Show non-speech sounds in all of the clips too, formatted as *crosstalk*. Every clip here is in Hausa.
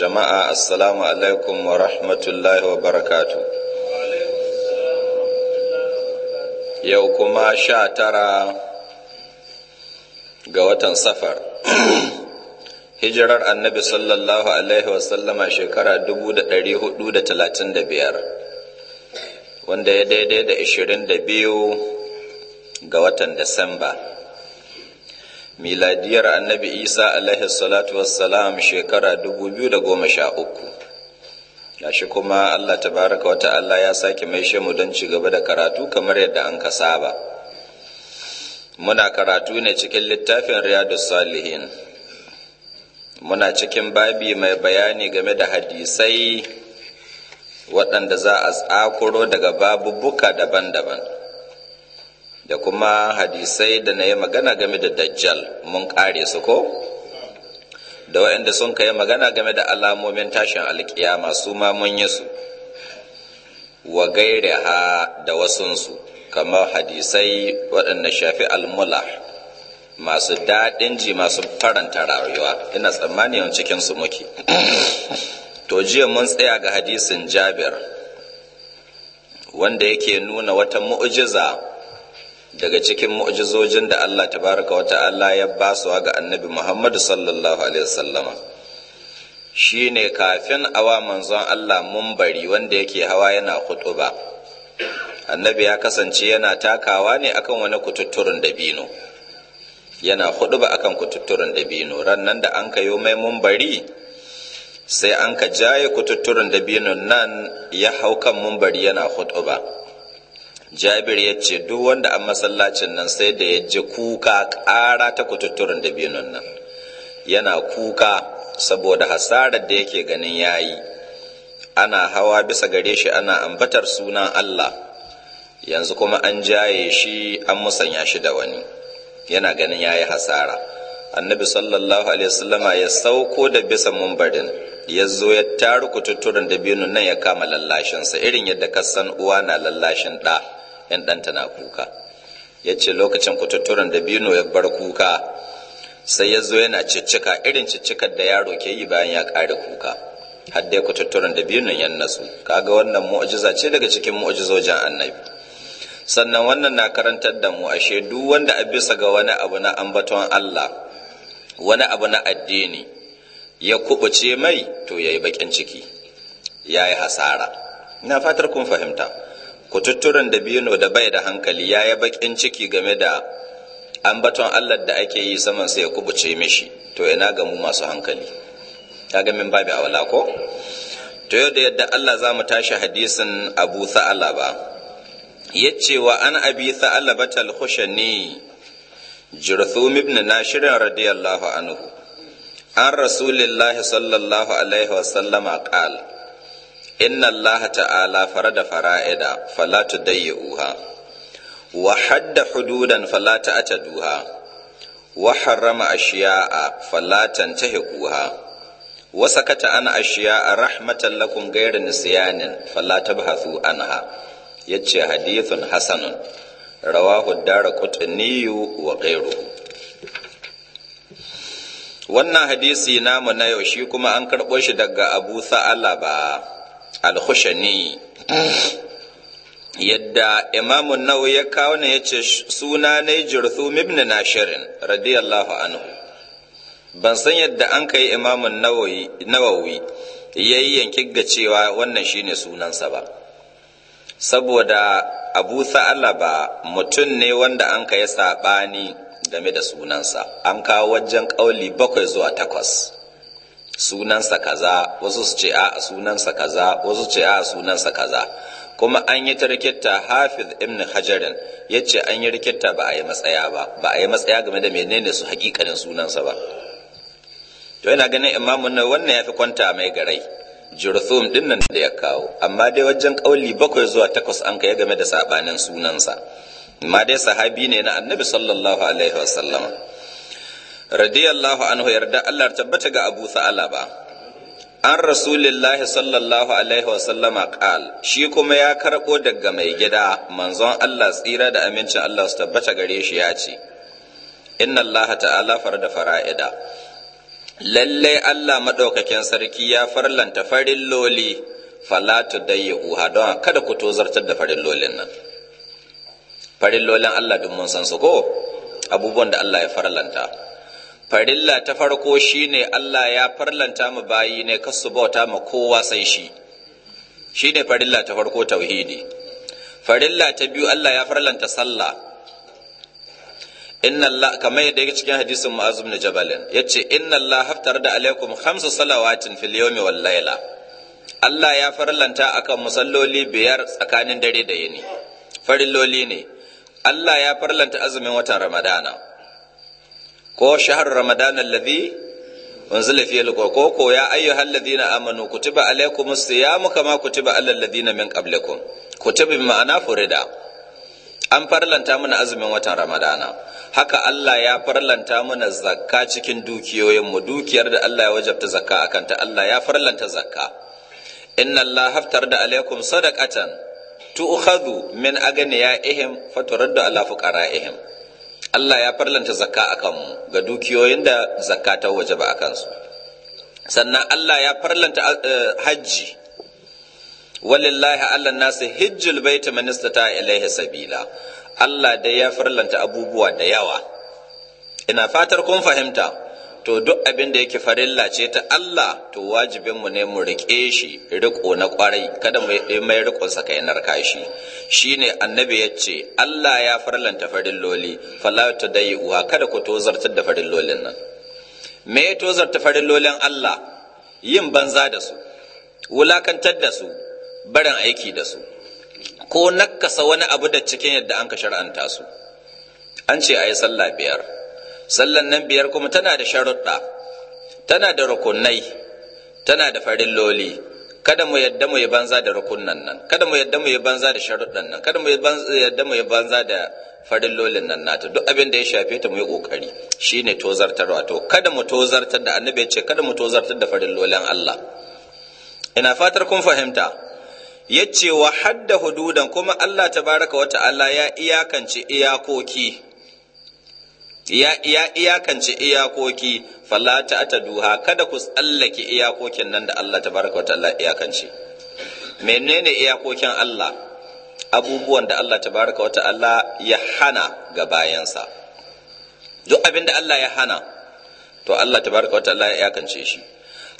jama'a assalamu alaikum wa rahmatullahi wa barakatu yau kuma sha tara ga watan safar *clears throat* hijirar annabi sallallahu alaihi wasallama shekara 435 wanda ya daidai da 22 ga watan disamba miladiyar annabi isa alaihi salatu wassalam shekara 2013 gashi kuma allah tabaraka wata Allah ya sake mai shemu don ci gaba da karatu kamar yadda an ka saba muna karatu ne cikin littafin riyadus salihin muna cikin babi mai bayani game da hadisai waɗanda za a tsakuro daga babubuka daban-daban da kuma hadisai da na yi magana game da dajjal mun kare su ko da waɗanda sun kai magana game da alamomin tashin alkiyama su ma mun yi su wa gaire ha da wasunsu kamar hadisai waɗanda shafi almula masu daɗin ji masu faranta rayuwa ina tsammani yawan cikinsu muke *coughs* to jiya mun tsaya ga hadisin jabir wanda yake nuna wata mu'ujiza daga cikin mu'jizojin da Allah tabaraka wa ta'ala ya basuwa ga annabi Muhammad sallallahu alaihi wasallama shine kafin awa manzon Allah mun bari wanda yake hawa yana ba. annabi ya kasance yana takawa ne akan wani kututturin dabino yana ba akan kututturin dabino rannan da an kayo mai bari, sai an ka jaye kututturin dabino, nan ya hau kan bari yana ba. jabir ya ce duk wanda an masallacin nan sai da ya ji kuka ƙara ta kututturin da binun nan yana kuka saboda hasarar da yake ganin yayi ana hawa bisa gare shi ana ambatar sunan allah yanzu kuma an jaye shi an musanya shi da wani yana ganin yayi hasara annabi sallallahu alaihi wasallama ya sauko da bisa mumbarin ya zo ya taru kututturin da binu nan ya kama lallashinsa irin yadda kasan uwa na lallashin ɗa yan ɗanta na kuka ya ce lokacin kututturen da bino ya bar kuka sai ya zo yana ciccika irin ciccikar da yaro ke yi bayan ya ƙare kuka har dai kututturen da bino ya nasu kaga wannan mu'ajiza ce daga cikin mu'ajizojin annabi sannan wannan na karantar da mu ashe duk wanda a bisa ga wani abu na ambaton Allah wani abu na addini ya kubuce mai to yayi bakin ciki yayi hasara ina fatar kun fahimta kututturen dabino da bai da hankali ya yi bakin ciki game da ambaton allah da ake yi saman sai ya kubuce mishi to ina ga mu masu hankali ta gamin babi awala ko to yau da yadda allah za mu tashi hadisin abu sa'ala ba ce wa an abi sa'ala batal khushani jirthum ibn nashir radiyallahu anhu an rasulillahi sallallahu alaihi wasallama qala inna allaha ta'ala farada fara'ida fala tudayyuha wa hadda hududan fala ta'taduha wa harrama ashiya'a fala tantahiquha wa sakata an ashiya'a rahmatan lakum ghayra nisyanin fala tabhathu anha yace hadithun hasanun rawahu daraqutniyu wa ghayruhu wannan hadisi namu na yau shi kuma an karɓo shi daga abu ba. alkhushani yadda imamun nau ya kawo ne ya ce suna ne jirthum ibn nashirin radiyallahu anhu ban san yadda an kai imamun nawawi ya yi yankin ga cewa wannan shine sunansa ba saboda abu ba mutum ne wanda an kai saɓani game da sunansa an kawo wajen ƙauli bakwai zuwa takwas sunansa kaza wasu su ce a sunansa kaza wasu su ce a sunansa kaza kuma an yi ta hafiz ibn hajarin ya ce an yi rikitta ba a yi matsaya ba ba a yi matsaya game da menene su hakikanin sunansa ba to yana ganin imamun na wannan ya fi kwanta mai garai jurthum din nan da ya kawo amma dai wajen kauli bakwai zuwa takwas an kai game da sabanin sunansa amma dai sahabi ne na annabi sallallahu alaihi wasallama radiyallahu anhu yarda Allah tabbata ga Abu Sa'ala ba an rasulillahi sallallahu alaihi wasallama qal shi kuma ya karbo daga mai gida manzon Allah tsira da amincin Allah su tabbata gare shi ya ce inna Allah ta'ala farda fara'ida lallai Allah madaukakin sarki ya farlanta farin loli fala tudayyi'uha don kada ku tozartar da farin lolin nan Farin lolin Allah duk mun san su ko abubuwan da Allah ya farlanta farilla ta farko shine Allah ya farlanta mu bayi ne kasu bauta ma kowa sai shi shine farilla ta farko tauhidi farilla ta biyu Allah ya farlanta sallah inna Allah kamar yadda yake cikin hadisin Mu'azz na Jabalin yace inna Allah haftar da alaikum khamsu salawatin fil yawmi wal layla Allah ya farlanta akan musalloli biyar tsakanin dare da yini farilloli ne Allah ya farlanta azumin watan Ramadana ko shahar ramadan alladhi unzila fihi alqur'an ko ya ayyuhal ladina amanu kutiba alaykumus siyamu kama kutiba alal ladina min qablikum kutiba bi ma'ana furida an farlanta mana azumin watan ramadana haka Allah ya farlanta mana zakka cikin dukiyoyinmu dukiyar da Allah ya wajabta zakka a ta, Allah ya farlanta zakka inna Allah haftar da alaikum sadaqatan tu'khadhu min fa turaddu ala fuqaraihim Allah ya farlanta zakka a kanmu ga dukiyoyin da zakka ta waje ba a kansu sannan Allah ya farlanta eh, hajji walillahi Allah nasu hijjul baiti minista ta ilaihi sabila Allah dai ya farlanta abubuwa da yawa ina fatar kun fahimta to duk abin da yake farilla ce ta Allah to wajibin mu ne mu riƙe shi riko na kwarai kada mu yi mai sa kai narka shi shine annabi yace Allah ya farlanta farilloli fala ta dai uwa kada ku tozartar da farillolin nan me ya tozarta farillolin Allah yin banza da su wulakantar da su barin aiki da su ko nakasa wani abu da cikin yadda an ka shar'anta su an ce a yi sallah biyar sallan nan biyar kuma tana da sharuɗa tana da rukunai tana da farilloli kada mu yadda mu yi banza da rukunan nan kada mu yadda mu yi banza da sharuɗan nan kada mu yadda mu yi banza da farillolin nan nata duk abin da ya shafe ta mu yi kokari shine tozartarwa to kada mu tozartar da annabi ce kada mu tozartar da farillolin Allah ina fatar kun fahimta yace wa hadda hududan kuma Allah tabaraka wa ta'ala ya iyakance iyakoki ya iyakance iyakoki Falata ta duha kada ku tsallake iyakokin nan da Allah Ta baraka wa Allah iyakance menene iyakokin Allah abubuwan da Allah Ta baraka wa Allah ya hana ga bayansa duk abin da Allah ya hana to Allah Ta baraka wa Allah ya iyakance shi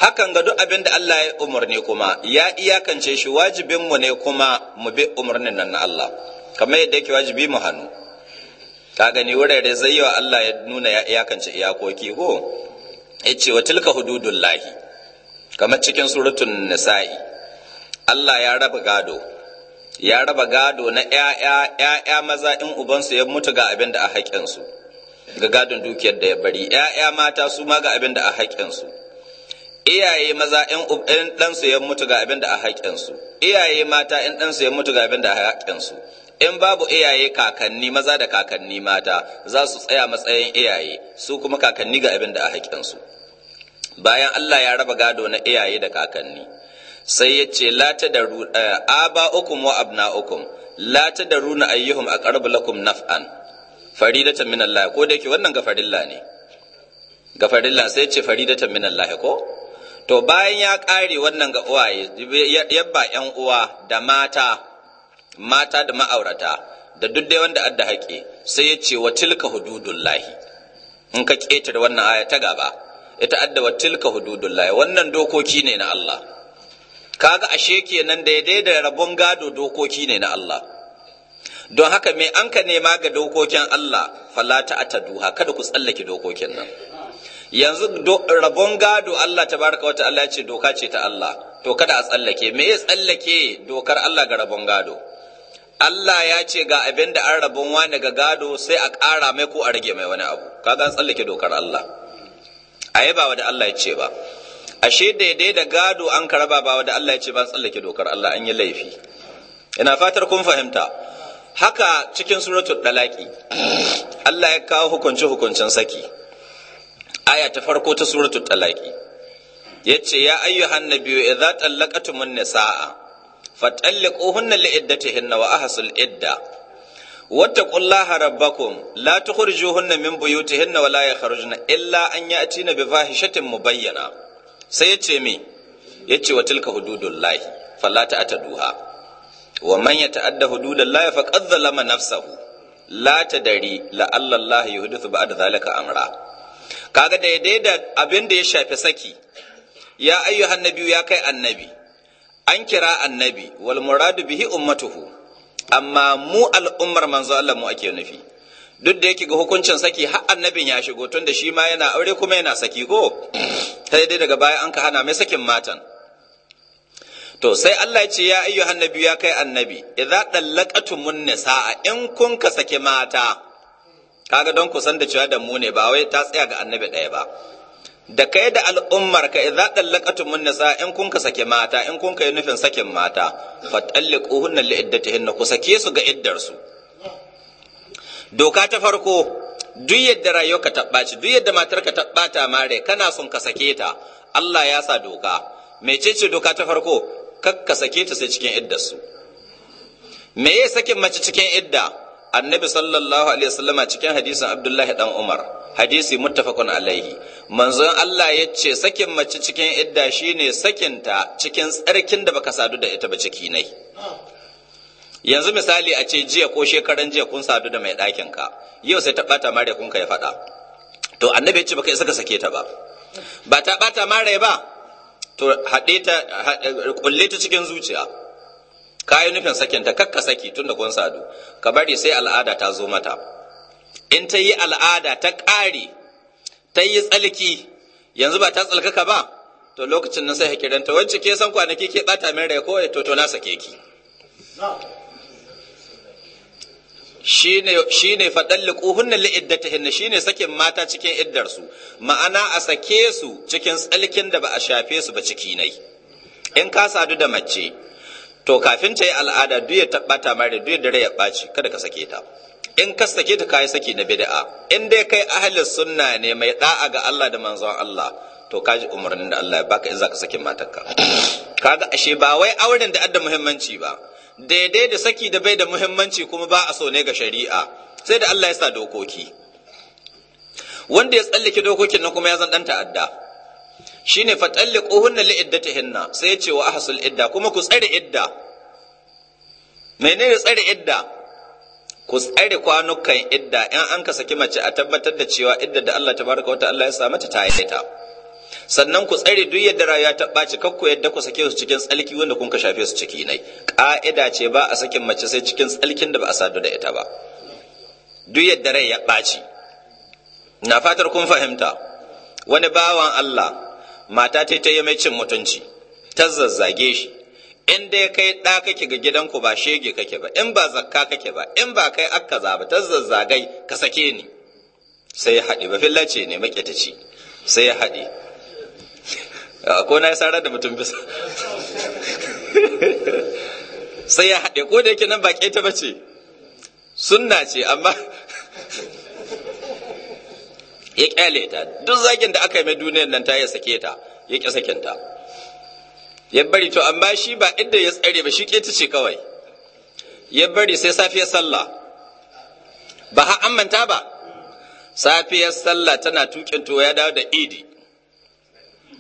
hakan ga duk abin da Allah ya umarni kuma ya iyakance shi wajibinmu ne kuma mu bi umarnin nan na Allah kamar yadda yake wajibi mu hannu ka gani wurare zai yi wa Allah ya nuna ya iyakance iyakoki ko yace wa tilka lahi. kamar cikin suratun nisa'i Allah ya raba gado ya raba gado na ‘ya'ya ‘ya'ya maza in ubansu ya mutu ga abin da a haƙƙinsu ga gadon dukiyar da ya bari ‘ya'ya mata su ma ga abin da a haƙƙinsu iyaye maza in ɗansu ya mutu ga abin da a haƙƙinsu iyaye mata in ɗansu ya mutu ga abin da a haƙƙinsu in babu iyaye kakanni maza da kakanni mata za su tsaya matsayin iyaye su kuma kakanni ga abin da a haƙƙinsu bayan Allah ya raba gado na iyaye da kakanni sai ya ce Lata da da eh, aba ukum wa abna ukum la da runa ayyuhum aqrabu lakum naf'an faridatan min Allah ko da yake wannan ga farilla ne ga farilla sai ce faridatan min Allah ko to bayan ya ƙare wannan ga uwaye yabba yan uwa da mata mata da ma'aurata da duk dai wanda adda haƙe sai ya ce wa tilka hududullahi in ka ƙetare wannan aya ta gaba ita adda wa tilka hududullahi wannan dokoki ne na Allah kaga ashe kenan da ya da rabon gado dokoki ne na Allah don haka me an ka nema ga dokokin Allah ta duha kada ku tsallake dokokin nan yanzu rabon gado Allah ta baraka wata Allah ya ce doka ce ta Allah to kada a tsallake me ya tsallake dokar Allah ga rabon gado Allah ya ce ga abin da an rabon wani ga gado sai a ƙara mai ko a rage mai wani abu kaga an tsallake dokar Allah a yi ba wa da Allah ya ce ba ashe daidai da gado an karaba ba wa da Allah ya ce ba tsallake dokar Allah an yi laifi ina fatar kun fahimta haka cikin suratul dalaki Allah ya kawo hukunci hukuncin saki aya ta farko ta suratul dalaki yace ya ayyuhan nabiyyu idza tallaqatumun nisaa fatalliquhunna liiddatihinna wa ahsul idda wattaqullaha rabbakum la tukhrijuhunna min buyutihinna wa la yakhrujna illa an ya'tina bi fahishatin mubayyana sai yace me yace wa tilka hududullahi fala ta'taduha wa man yata'adda hududallahi faqad zalama nafsahu la tadari la Allah yuhdithu ba'da zalika amra kaga daidai da abin da ya shafi saki ya ayyuhan nabiyyu ya kai annabi an kira annabi wal muradu bihi ummatuhu amma mu al'ummar manzo Allah mu ake nufi duk da yake ga hukuncin saki har annabin ya shigo tun da shi ma yana aure kuma yana saki ko sai dai daga baya an ka hana mai sakin matan to sai Allah ya ce ya ayyu annabi ya kai annabi idza dallaqatumun nisaa in kun ka saki mata kaga don ku san da cewa da mu ne ba wai ta tsaya ga annabi ɗaya ba da kai da al'ummar ka idza dallaqatum min nisa in kun ka sake mata in kun ka yi nufin sakin mata fatalliquhunna li iddatihin ku sake su ga iddar su doka ta farko duk yadda rayuwarka ta ɓaci duk yadda matarka ta bata mare kana son ka sake ta Allah ya sa doka mecece doka ta farko kakka sake ta sai cikin iddar su me ya sakin mace cikin idda annabi sallallahu alaihi cikin hadisin abdullahi dan umar hadisi muttafaqun alaihi manzon Allah ya ce sakin mace cikin idda shine ta cikin tsarkin da baka sadu da ita ba ciki nai yanzu misali a ce jiya ko shekaran jiya kun sadu da mai ɗakin ka yau sai ta bata mare kun kai faɗa to annabi ya ce baka isa ka sake ta ba ba ta bata mare ba to haɗe eh, kulle ta cikin zuciya ka yi nufin sakinta kakka saki tun da kun sadu ka bari sai al'ada ta zo mata in ta yi al'ada ta ƙare ta yi tsalki yanzu ba ta tsalkaka ba to lokacin nan sai ta, wacce ke san kwanaki ke bata min rai kawai to to na sake ki shi ne faɗalli ƙuhunna hinna shi ne sakin mata cikin iddarsu ma'ana a sake su cikin tsalkin da ba a shafe su ba ciki nai in ka sadu da mace to kafin ta yi al'ada duk ya tabbata mare duk da rai ya ɓaci kada ka sake ta in ka sake ta kayi saki na bid'a in dai kai ahlus sunna ne mai da'a ga Allah da manzon Allah to kaji umarnin da Allah ya baka in zaka saki matarka kaga ashe ba wai auren da adda muhimmanci ba daidai da saki da bai da muhimmanci kuma ba a so ne ga shari'a sai da Allah ya sa dokoki wanda ya tsallake dokokin nan kuma ya zan dan ta'adda shine fatalliquhunna li iddatihinna sai ce wa ahsul idda kuma ku tsare idda menene tsare idda ku tsare kwanukan idda in an ka saki mace a tabbatar da cewa idda da Allah tabaraka wata Allah ya sa mata ta yi ta sannan ku tsare duk yadda rayuwa ta ɓaci kakku yadda ku sake su cikin tsalki wanda kun ka shafe su ciki nai ƙa'ida ce ba a sakin mace sai cikin tsalkin da ba a sadu da ita ba duk yadda rai ya ɓaci na fatar kun fahimta wani bawan Allah mata ta ta yi mai cin mutunci ta zazzage shi in dai kai ɗa kake ga gidanku ba shege kake ba in ba zakka kake ba in ba kai akka zaba ta zazzagai ka sake ni sai ya haɗe, ba fillace ne ci sai ya haɗe *laughs* ko na yi sarar da mutum bisa *laughs* sai ya haɗe ko da yake nan ba ta ba ce sunna ce amma ya kyale ta duk zagin da aka yi mai duniyar nan ta ya sake ta ya ƙi sakin ta ya bari to amma shi ba inda ya tsare ba shi ƙeta ce kawai ya bari sai safiyar sallah ba ha an manta ba safiyar sallah tana tukin to ya dawo da idi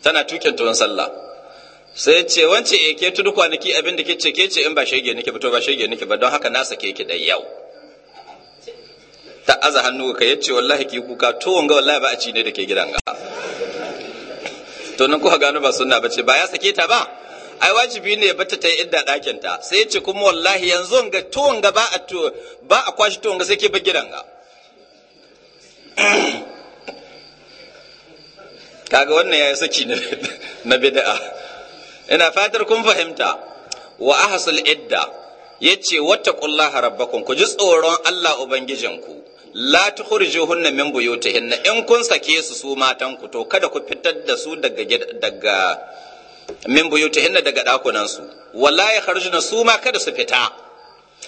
tana tukin tuwon sallah sai ce wance eh, ke tudu kwanaki abin da ke ce ke ce in ba shege nake ba to ba shege nake ba don haka na sake ki da yau ta aza hannu ka yace wallahi ki kuka to wanga wallahi ba a ci ne da ke gidan ga to nan kuka gano ba sunna bace ba ya sake ta ba ai wajibi ne bata ta yi idda dakin ta sai ce kuma wallahi yanzu wanga to wanga ba a to ba a kwashi to wanga sai ke ba gidan ga *clears throat* kaga wannan yayi saki ne na bid'a ina fatar kun fahimta wa ahsul idda Ya ce, wata ƙulla harabbakon ku ji tsoron Allah ubangijinku la hunna min hinna in kun sake su su matan ku to kada ku fitar da su daga daga min hinna daga dakunan su wala yakhrujuna su ma kada su fita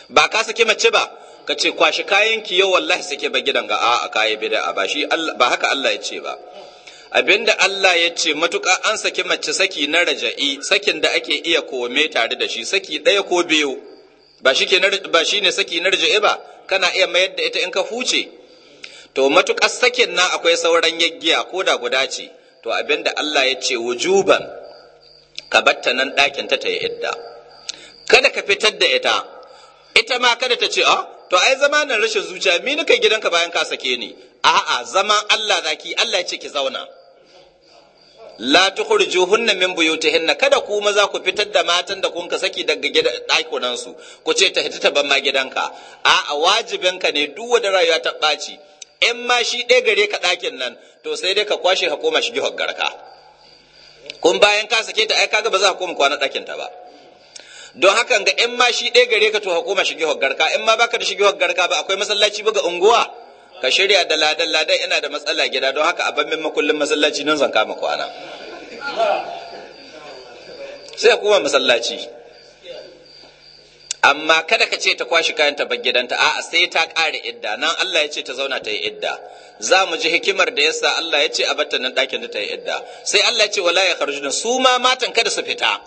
ba ka sake mace ba ka ce kwashi kayan ki yau wallahi sake ba gidan ga a'a kayi bid'a ba shi ba haka Allah ya ce ba abinda Allah ya ce matuƙa an saki mace saki na raja'i sakin da ake iya kome tare da shi saki ɗaya ko biyu ba shi ne saki na riji'e ba kana iya mayar da ita in ka huce to matuƙar sakin na akwai sauran yaggiya ko da guda ce to abinda Allah ya ce wujuban ka batta nan ɗakin ta ta yi idda kada ka fitar da ita ita ma kada ta ce a ah, to ai zama nan rashin zuciya mi nika gidanka bayan ka sake ni a'a zaman Allah zaki Allah ya ce ki zauna la tukhrijuhunna min buyutihinna kada ku maza ku fitar da matan da kun ka saki daga ɗakunan su ku ce ta hita ta ban ma gidanka a wajibinka ne duk wanda rayuwa ta ɓaci in ma shi ɗaya gare ka ɗakin nan to sai dai ka kwashe ka koma shige garka kun bayan ka sake ta ai kaga ba za ka koma kwana ɗakin ta ba don hakan ga in ma shi ɗaya gare ka to ka koma shige garka in ma baka da shige garka ba akwai masallaci buga unguwa ka shirya da ladan ladan ina da matsala gida don haka abin min makullin masallaci nan zan kama kwana sai kuma masallaci amma kada ka ce ta kwashi kayan ta gidanta a'a sai ta ƙare idda nan Allah ya ce ta zauna ta yi idda za mu ji hikimar da yasa Allah ya ce a batta nan ɗakin ta yi idda sai Allah ya ce wala ya su ma matan kada su fita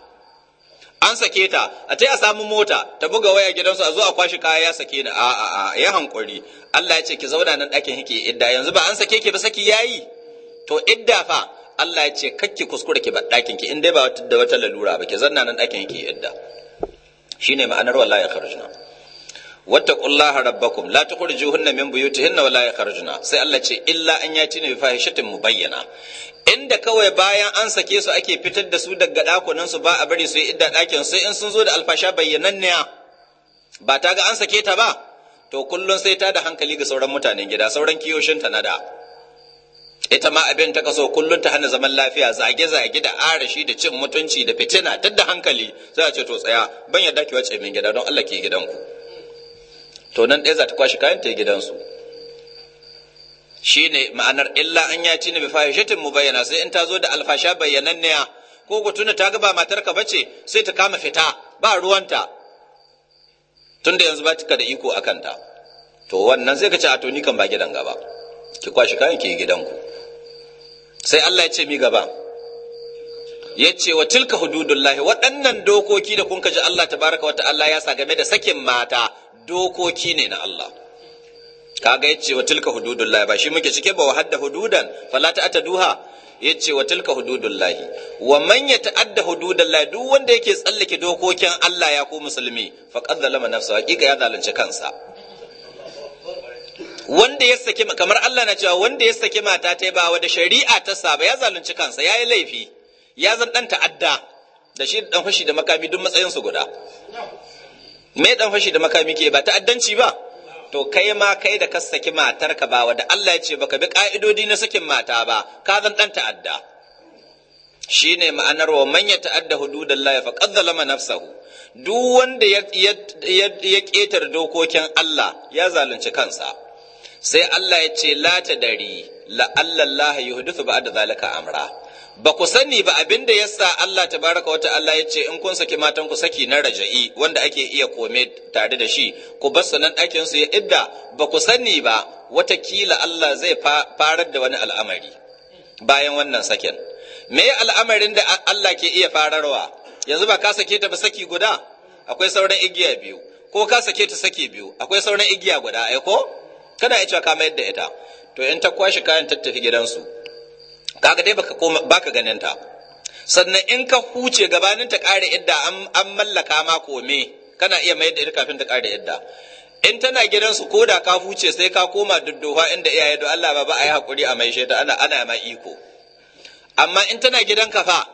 an sake ta a tai a samu mota ta buga waya gidansu a zo a kwashi kaya ya sake ni a a a ya hankuri Allah ya ce ki zauna nan ɗakin hike idda yanzu ba an sake ki ba saki yayi to idda fa Allah ya ce kakki kuskure ki ba ɗakin ki in dai ba da wata lalura ba ki zanna nan ɗakin hike idda shine ma'anar wallahi kharajna wattaqullaha rabbakum la tukhrijuhunna min buyutihinna wa la karjuna sai Allah ce illa an yatina bi mu bayyana. inda kawai bayan an sake su ake fitar da su daga dakunan su ba a bari su yi idda ɗakin, sai in sun zo da alfasha ne ba ta ga an sake ta ba to kullun sai ta da hankali ga sauran mutanen gida sauran kiyoshin ta na da ita ma abin ta kaso kullun ta hana zaman lafiya zage zage da arashi da cin mutunci da fitina tadda hankali sai a ce to tsaya ban yarda ki wace min gida don Allah ke gidanku to nan ɗaya za ta kwashe kayan ta gidansu shi ne ma'anar illa an ya ci ne bi fahishatin mu bayyana sai in ta zo da alfasha ne. ko ku tuna ta ga ba ka bace sai ta kama fita ba ruwanta tunda yanzu ba ka da iko a kanta to wannan sai ka ce a to ni kan ba gidan gaba ki kwashi kayan ki gidanku sai Allah ya ce mi gaba ya ce wa tilka hududullahi waɗannan dokoki da kun ji Allah ta baraka wata Allah ya sa game da sakin mata dokoki ne na Allah kaga yace wa tilka hududullah ba shi muke cike ba wa hadda hududan fala ta duha yace wa tilka hududullah wa man yata'adda hududallah duk wanda yake tsallake dokokin Allah ya ko musulmi faqad zalama nafsa hakika ya zalunci kansa wanda ya saki kamar Allah na cewa wanda ya saki mata ta ba wa da shari'a ta saba ya zalunci kansa ya yi laifi ya zan dan ta'adda da shi dan fashi da makami duk matsayin su guda me dan fashi da makami ke ba ta'addanci ba to kai ma kai da ka saki matarka ba wanda Allah ya ce baka bi ka'idodi na sakin mata ba ka zan dan ta'adda shine ma'anar wa man ya ta'adda fa qad zalama nafsahu duk wanda ya ketar dokokin Allah ya zalunci kansa sai Allah ya ce la ta dari la Allah yuhdithu ba'da zalika amra ba ku sani ba abin da ya sa Allah ta baraka wata Allah ya ce in kun saki matan ku saki na raja'i wanda ake iya kome tare da shi ku bar sanan ɗakin su ya idda ba ku sani ba wata kila Allah zai farar da wani al'amari bayan wannan sakin me al'amarin da Allah ke iya fararwa yanzu ba ka sake ta ba saki guda akwai sauran igiya biyu ko ka sake ta saki biyu akwai sauran igiya guda ai ko kana iya cewa ka mayar da ita to in ta kwashi kayan tattafi gidansu kaga dai baka koma baka ganin ta sannan in ka huce gabanin ta ƙara idda an mallaka ma kome kana iya mayar da ita kafin ta ƙara idda in tana gidansu ko da ka huce sai ka koma dudduwa inda iyaye da Allah ba ba a yi hakuri a mai shaida ana ana ma iko amma in tana gidan ka fa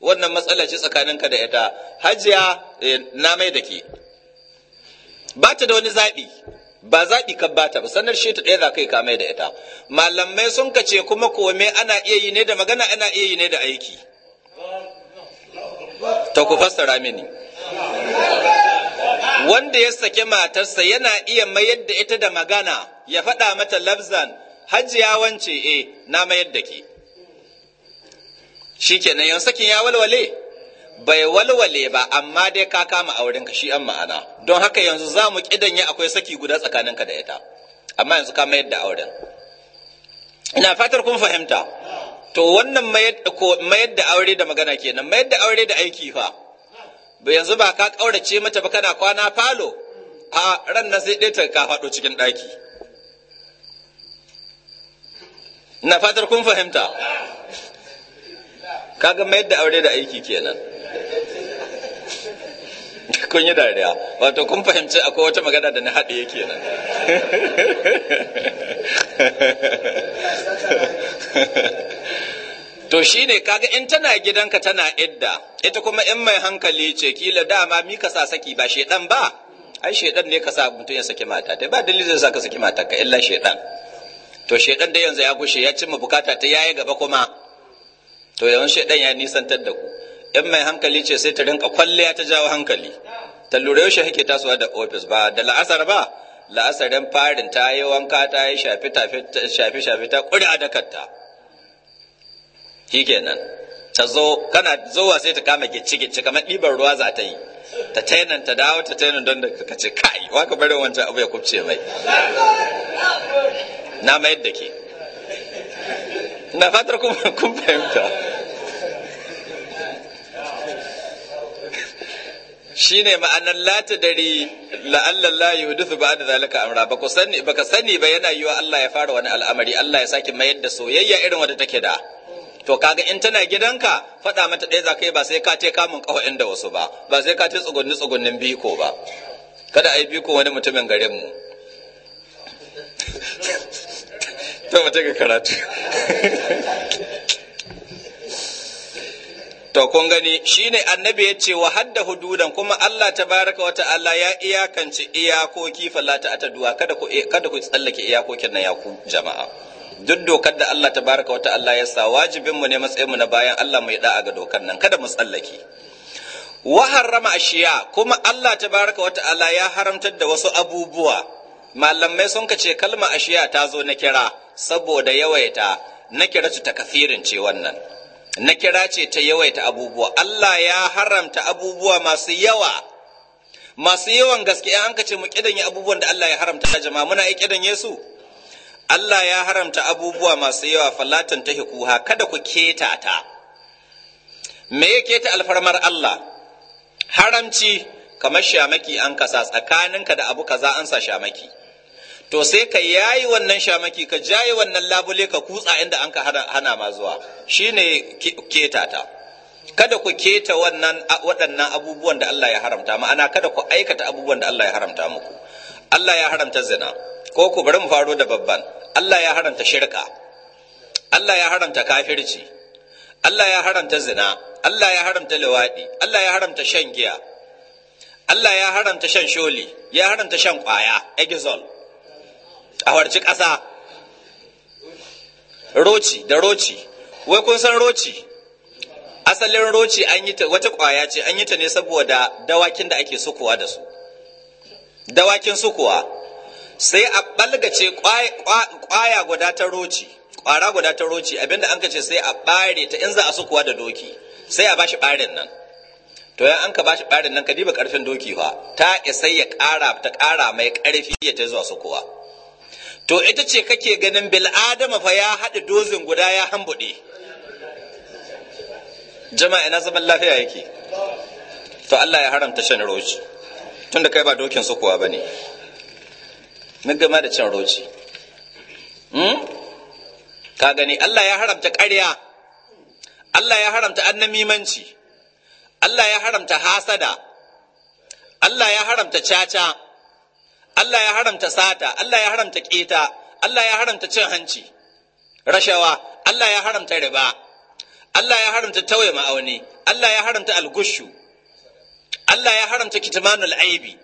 wannan matsala ce ka da ita hajiya eh, na mai da ke ba ta da wani zaɓi ba za ɗi kan bata ba sanar shi ta ɗaya za ka yi kamai da ita malamai sun ka kuma kome ana iya yi ne da magana ana iya yi ne da aiki ta ku fassara mini wanda ya sake matarsa yana iya mayar da ita da magana ya faɗa mata labzan, hajiya wance e na mayar da ke Shi kenan yan sakin ya walwale bai walwale ba amma dai ka kama aurenka shi an ma'ana don haka yanzu za mu kidanye akwai saki guda tsakaninka da ita amma yanzu ka mayar da auren ina fatar kun fahimta to wannan mayar da aure da magana kenan mayar da aure da aiki fa ba yanzu ba ka kaurace mata ba kana kwana falo a ran na sai ɗaya ka faɗo cikin ɗaki Ina fatar kun fahimta kaga mayar da aure da aiki kenan kun yi dariya wato kun fahimci akwai wata magana da na haɗe yake nan *laughs* to shine kaga in tana gidanka tana idda ita kuma in mai hankali ce kila dama mi ka sa saki ba shedan ba ai shedan ne ka sa mutum ya saki mata dai ba dalilin sa ka saki mata ka illa shedan to shedan da yanzu ya gushe ya cimma bukata ta yayi gaba kuma to yawan shedan ya nisantar da ku in mai hankali ce sai ta rinka kwalliya ta jawo hankali ta lura yaushe hake tasowa da ofis ba da la'asar ba la'asarin farin ta yi wanka ta yi shafi shafi ta ƙuri adakarta shi kenan ta zo kana zowa sai ta kama gici gici kamar ɗiban ruwa za ta yi ta tainan ta dawo ta tainan don da ka ce kai waka bari wancan abu ya kubce mai na mayar da ke na fatar kun fahimta Shi ne ma'anar lati dari la'allan la'alla la ba da zalika amra ba ku sani baka sani ba yana yiwa Allah ya fara wani al'amari Allah ya sake mayar da soyayya irin wadda take da to kaga in tana gidanka faɗa mata ɗaya za ka yi ba sai ka ce kamun ƙaho'in da wasu ba ba sai ka ce tsugunni tsugunnin biko ba kada a yi biko wani mutumin garin mu *laughs* to mutum karatu *laughs* to kun gani ne annabi ya ce wa hadda hududan kuma Allah Ta baraka wa ta'ala ya iyakance iyakoki fallata ataduwa kada ku kada ku tsallake iyakokin na yaku jama'a duk dokar da Allah Ta baraka wa ta'ala ya sa wajibin mu ne matsayin mu na bayan Allah mai da'a ga dokar nan kada mu tsallake wa harrama ashiya kuma Allah Ta baraka wa ta'ala ya haramtar da wasu abubuwa malamai sun kace kalma ashiya ta zo na kira saboda yawaita na kira ta kafirin ce wannan na kira ce ta yawaita abubuwa Allah ya haramta abubuwa masu yawa masu yawan gaske an ka ce mu yi abubuwan da Allah ya haramta a jama'a muna yi kidanye su Allah ya haramta abubuwa masu yawa falatan ta hikuha kada ku keta ta me ya keta alfarmar Allah haramci kamar shamaki an kasa tsakaninka da abu kaza an sa shamaki to sai ka yayi wannan shamaki ka jaye wannan labule ka kutsa inda an ka hana ma zuwa shine keta ta kada ku keta wannan waɗannan abubuwan da Allah ya haramta ma'ana kada ku aikata abubuwan da Allah ya haramta muku Allah ya haramta zina ko ku bari mu faro da babban Allah ya haramta shirka Allah ya haramta kafirci Allah ya haramta zina Allah ya haramta liwaɗi Allah ya haramta shan giya Allah ya haramta shan sholi ya haramta shan ƙwaya exol harci ƙasa roci da roci wai kun san roci asalin roci an yi ta wata ƙwaya ce an yi ta ne saboda dawakin da ake sukuwa da su dawakin sukuwa sai a ɓalgace ƙwaya guda ta roci ƙwara guda ta roci abinda an ka ce sai a ɓare ta in za a sukuwa da doki sai a bashi ɓarin nan to ya an ka bashi ɓarin nan ka diba ƙarfin doki fa ta isa ya ƙara ta ƙara mai ƙarfi ya ta zuwa sukuwa to ita ce kake ganin bil'adama fa ya haɗa dozin guda ya hambuɗe jama'a ina zaman lafiya yake to Allah ya haramta shan roci tunda kai ba dokin su kuwa bane mun gama da cin roci hmm? ka gani Allah ya haramta ƙarya Allah ya haramta annamimanci Allah ya haramta hasada Allah ya haramta caca Allah ya haramta sata Allah ya haramta keta Allah ya haramta cin hanci rashawa Allah ya haramta riba Allah ya haramta tauye ma'auni Allah ya haramta algushu Allah ya haramta kitmanul aibi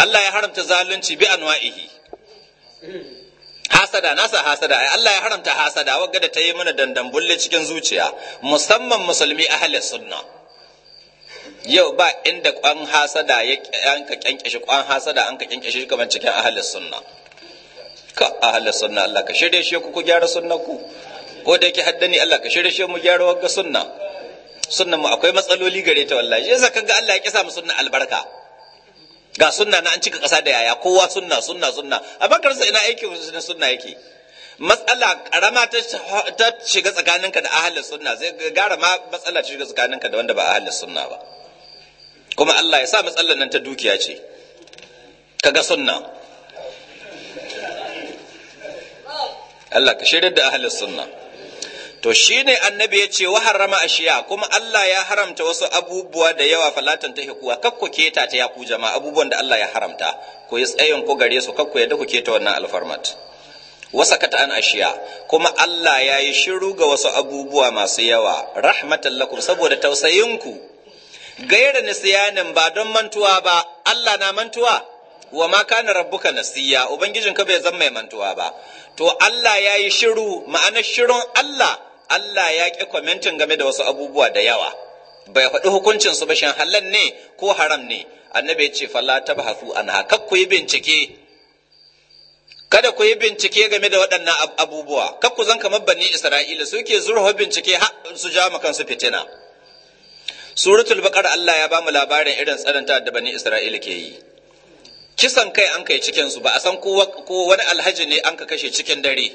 Allah ya haramta zalunci bi anwa'ihi hasada nasa hasada Allah ya haramta hasada wagga da ta yi mana dandambulle cikin zuciya musamman musulmi ahalin sunna yau ba inda kwan hasada ya an ka kyankyashi kwan hasada an ka kyankyashi shi kamar cikin ahlus sunna ka ahlus sunna Allah ka shirye shi ku ku gyara sunna ku ko da yake haddani Allah ka shirye shi mu gyara wagga sunna sunnan mu akwai matsaloli gare ta wallahi yasa kaga Allah ya kisa mu sunna albarka ga sunna na an cika kasa da yaya kowa sunna sunna sunna amma karsa ina aiki sunna yake matsala karama ta shiga tsakaninka da ahalin sunna zai gara ma matsala ta shiga tsakaninka da wanda ba ahalin sunna ba kuma Allah ya sa matsalar nan ta dukiya ce kaga sunna Allah ka shirya da ahalis sunna to shine annabi ya ce wa harrama ashiya kuma Allah ya haramta wasu abubuwa da yawa falatan ta hikuwa kakko keta ta ya ku jama'a abubuwan da Allah ya haramta ko ya tsayin ku gare su kakko yadda ku keta wannan alfarmat wasa kata an ashiya kuma Allah ya yi shiru ga wasu abubuwa masu yawa rahmatan lakum saboda tausayin ku gaira nisiyanin ba don mantuwa ba Allah na mantuwa wa ma kana rabbuka nasiya ka bai zama mai mantuwa ba to Allah ya yi shiru ma'anar shirun Allah Allah ya ƙi kwamentin game da wasu abubuwa da yawa bai faɗi hukuncin su ba shin halal ne ko haram ne annabi ya ce falla tabhasu an haka ku yi bincike kada ku yi bincike game da waɗannan abubuwa kakku kuzan zan kamar bani Isra'ila suke zurho bincike su ja kansu fitina suratul baqara Allah ya ba mu labarin irin tsananta da bani Isra'ila ke yi kisan kai an kai cikin su ba a san ko wani alhaji ne an ka kashe cikin dare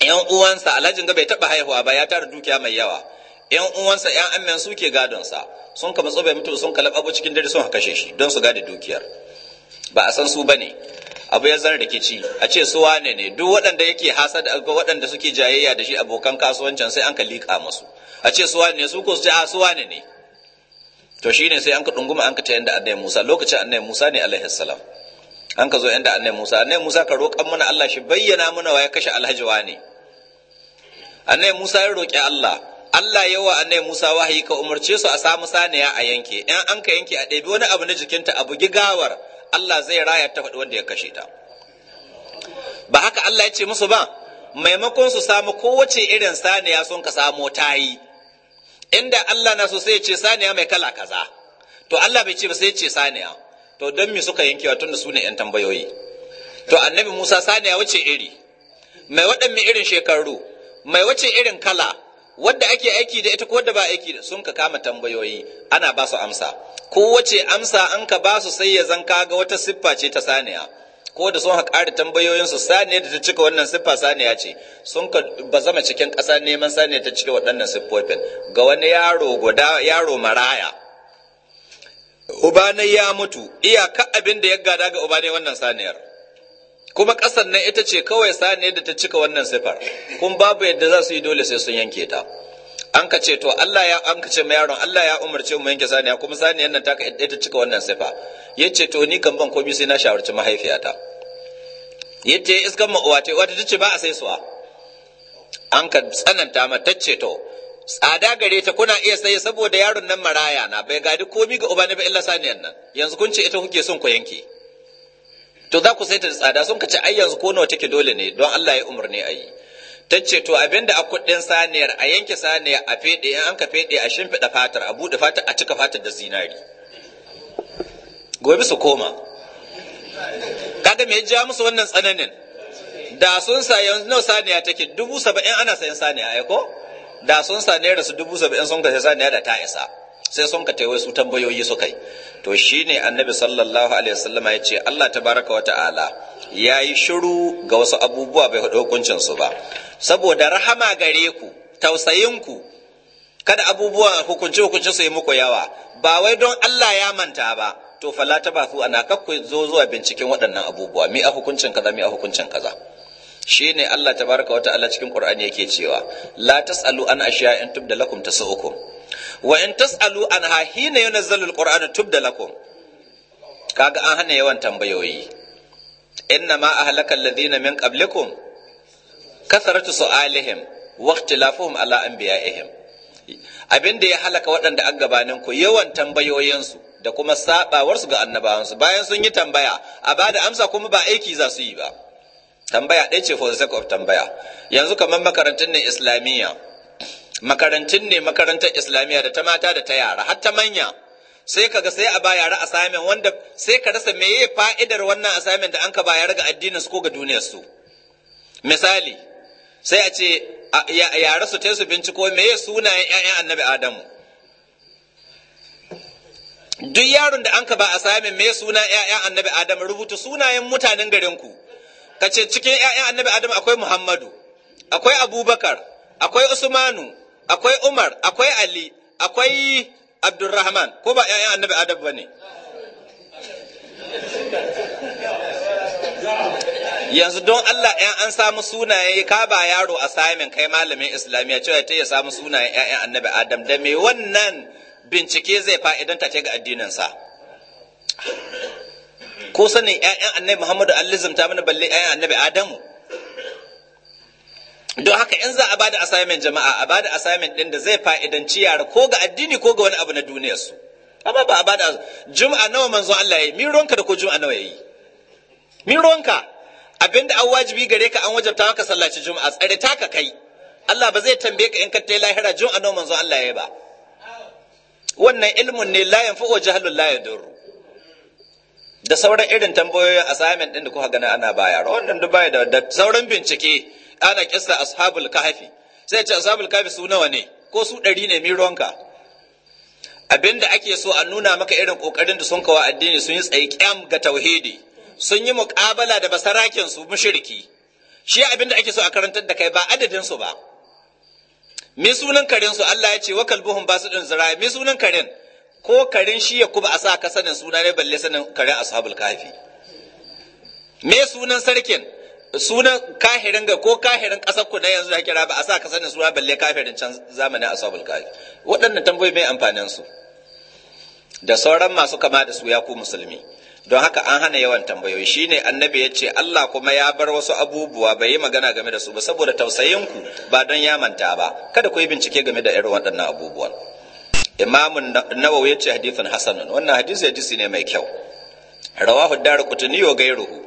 yan uwansa alhajin ga bai taba haihuwa ba ya tara dukiya mai yawa yan uwansa yan amman su ke gadon sa sun kama tsobe mutu sun kalab abu cikin dare sun kashe shi don su gada dukiyar ba a san su bane abu ya zan rikici a ce su wane ne duk waɗanda yake hasad waɗanda suke jayayya da shi abokan kasuwancin sai an ka liƙa musu a ce su wane ne su ko su ce a ah, su wane ne to shine sai an ka dunguma an ka ta yanda annabi Musa lokacin annabi Musa ne alaihi salam an ka zo yanda annabi Musa annabi Musa ka roƙan mana Allah shi bayyana mana wa ya kashe alhaji wane annabi Musa ya roƙi Allah Allah wa annabi Musa wahayi ka umarce su a samu saniya a yanke in an ka yanke a ɗebi wani abu na jikinta a bugi gawar Allah zai raya ta faɗi wanda ya kashe ta ba haka Allah ya ce musu ba maimakon su samu kowace irin saniya sun ka samo tayi inda Allah na so sai ce saniya mai kala kaza to Allah bai ce ba sai ce saniya to don me suka yankewa da su ne 'yan tambayoyi to annabi Musa saniya wace iri mai waɗanne irin shekaru mai wace irin kala wadda ake aiki da ita ko wadda ba aiki da sun ka kama tambayoyi ana ba su amsa kowace amsa an ka ba su sai ya zan kaga wata siffa ce ta saniya ko da sun haƙari tambayoyin su saniya da ta cika wannan siffa saniya ce sun ka ba zama cikin ƙasa neman saniya ta cika waɗannan siffofin ga wani yaro guda yaro maraya ubanai ya mutu iya iyaka abin da ya gada ga ubanai wannan saniyar kuma ƙasar nan ita ce kawai saniyar da ta cika wannan sifar kun babu yadda za su yi dole sai sun yanke ta an ka ce to Allah ya an ka ce ma yaron Allah ya umarce mu yanke saniya kuma saniyar nan ta ka ita cika wannan sifa yace to ni kan ban komai sai na shawarci mahaifiyata yace iskan mu wato wato ta ce ba a sai suwa an ka tsananta ma tace to tsada gare ta kuna iya saye saboda yaron nan maraya na bai gadi komi ga uba ne ba illa saniyar nan yanzu kun ce ita kuke son ku yanke to za ku saita da tsada sun kace ai yanzu ko nawa take dole ne don Allah ya umarni a yi ta ce to abinda a kudin saniyar a yanke saniyar a fede in an ka fede a shimfiɗa fatar a buɗe fatar a cika fatar da zinari gobe su koma kaga me ya musu wannan tsananin da sun sa yanzu nawa saniya take dubu saba'in ana sayan saniya ai ko da sun sa naira su dubu saba'in sun kashe saniya da ta isa sai sun ka taiwai su tambayoyi suka yi to shine annabi sallallahu alaihi wasallam ya ce Allah tabaraka wa ta'ala ya yi shiru ga wasu abubuwa bai hudu hukuncin ba saboda rahama gare ku tausayin ku kada abubuwa hukunci hukunci su yi muku yawa ba wai don Allah ya manta ba to fala ta ba su ana kakku zo zuwa binciken waɗannan abubuwa mi a hukuncin kaza mi a hukuncin kaza shine Allah tabaraka wa ta'ala cikin Qur'ani yake cewa la tasalu an ashiya in tubda lakum tasu'ukum wa in tasalu ha hina yunazzalu alqur'anu tubda lakum kaga an hana yawan tambayoyi inna ma ahlaka alladhina min qablikum kasaratu su'alihim wa ikhtilafuhum ala anbiya'ihim abinda ya halaka waɗanda an gabanin ku yawan tambayoyinsu da kuma sabawarsu ga annabawansu bayan sun yi tambaya a ba da amsa kuma ba aiki za su yi ba tambaya ɗaya ce for the sake of tambaya yanzu kamar makarantun ne islamiyya makarantun ne makarantar islamiyya da ta mata da ta yara har ta manya sai ka ga sai a ba yara assignment wanda sai ka rasa yi fa'idar wannan assignment da an ka ba yara ga addinin su ko ga duniyar su misali sai a ce yara su ta su binciko yi sunayen ƴaƴan annabi adamu duk yaron da an ka ba assignment meye suna ƴaƴan annabi adamu rubuta sunayen mutanen garin ku ka ce cikin ƴaƴan annabi adamu akwai muhammadu akwai abubakar akwai usmanu akwai Umar akwai Ali akwai Abdurrahman ko ba 'ya'yan annabi Adam ne? yanzu don Allah ‘yan an samu sunaye ka ba yaro a samin kai malamin islamiyya cewa ta ya samu sunayen ‘ya'yan annabi adam da mai wannan bincike zai ta ce ga addininsa ko sanin ‘ya'yan annabi muhammadu allizim ta mana balle ‘ya'yan annabi adamu don haka in za a bada assignment jama'a a bada assignment din da zai fa'idanci yara ko ga addini ko ga wani abu na duniyarsu amma ba a bada juma'a nawa manzon Allah yayi min ruwanka da ko juma'a nawa yayi min ruwanka abinda an wajibi gare ka an wajabta maka sallaci juma'a tsare ta ka kai Allah ba zai tambaye ka in ka tai lahira juma'a nawa manzon Allah yayi ba wannan ilmun ne la yanfa'u jahlun la yadur da sauran irin tambayoyin assignment din da kuka gani ana bayar wannan duk baya da sauran bincike ana kisa ashabul kahfi sai ce ashabul kahfi su nawa ne ko su ɗari ne mi ruwanka abinda ake so a nuna maka irin kokarin da sun kawo addini sun yi tsaye kyam ga tauhidi sun yi muƙabala da basarakin su mushriki shi abinda ake so a karantar da kai ba adadin su ba mi sunan karin su Allah ya ce wa kalbuhum basidun zira mi sunan karen ko karin shi ya kuma a sa ka sanin suna ne balle sanin karen ashabul kahfi me sunan sarkin sunan kahirin ga ko kahirin ƙasar ku na yanzu ya kira ba a sa ka sanin suna balle kafirin can zamanin asabul kafi waɗannan tambayoyi mai amfanin su da sauran masu kama da su ya ku musulmi don haka an hana yawan tambayoyi shine annabi ya ce Allah kuma ya bar wasu abubuwa bai yi magana game da su ba saboda tausayin ku ba don ya manta ba kada ku yi bincike game da irin waɗannan abubuwan imam nawawi ya ce hadithun hasanun wannan hadisi hadisi ne mai kyau rawahu daru kutuniyo wa gairuhu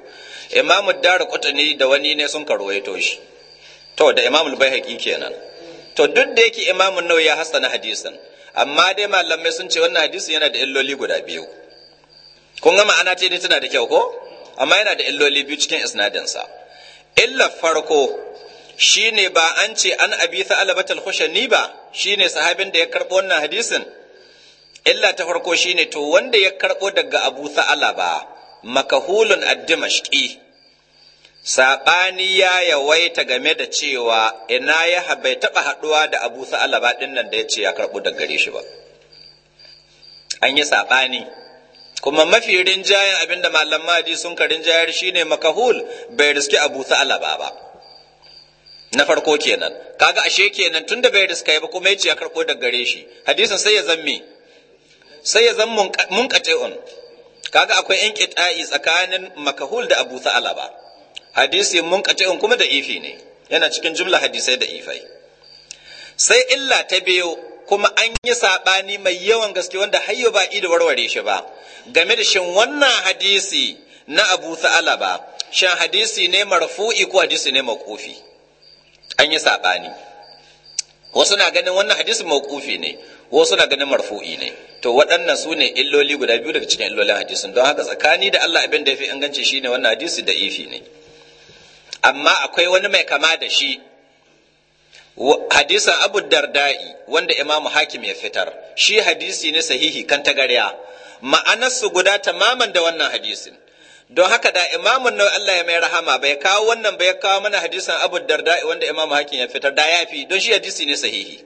imamu daru kutani da wani ne sun karwaito shi to da imamu baihaqi kenan to duk da yake imamu nawa ya na hadisin amma dai malamai sun ce wannan hadisin yana da illoli guda biyu kun ga ma'ana ce ni tana da kyau ko amma yana da illoli biyu cikin isnadinsa illa farko shine ba an ce an abi alabatal khushani ba shine sahabin da ya karbo wannan hadisin illa ta farko shine to wanda ya karbo daga abu sa'ala ba makahulun ad-dimashqi saɓani ya yawaita game da cewa ina ya bai taɓa haɗuwa da abu sa'alaba ɗin nan da ya ce ya karɓo da gare shi ba an yi saɓani kuma mafi rinjayen abinda da malamma ji sun ka rinjayar ne makahul bai riski abu sa'alaba ba na farko kenan kaga ashe kenan tunda bai riska ba kuma ya ce ya karɓo da gare shi hadisin sai ya zamme sai ya zan munkate'un kaga akwai yan ƙita'i tsakanin makahul da abu sa'alaba hadisi mun kace in kuma da ifi ne yana cikin jumla hadisai da ifai sai illa ta biyo kuma an yi saɓani mai yawan gaske wanda hayyo ba da warware shi ba game da shin wannan hadisi na abu ba, shin hadisi ne marfu'i ko hadisi ne maƙufi an yi saɓani wasu na ganin wannan hadisi mawqufi ne wasu na ganin marfu'i ne to waɗannan su ne illoli guda biyu daga cikin illolin hadisin don haka tsakani da Allah abin da ya fi inganci shine wannan hadisi da ifi ne amma akwai wani mai kama da shi hadisan abu darda'i wanda imamu hakim ya fitar shi hadisi ne sahihi kan tagarya ma'anarsu guda tamaman da wannan hadisin don haka da imamun nau Allah ya mai rahama bai kawo wannan bai kawo mana hadisan abu darda'i wanda imamu hakim ya fitar da ya fi don shi hadisi ne sahihi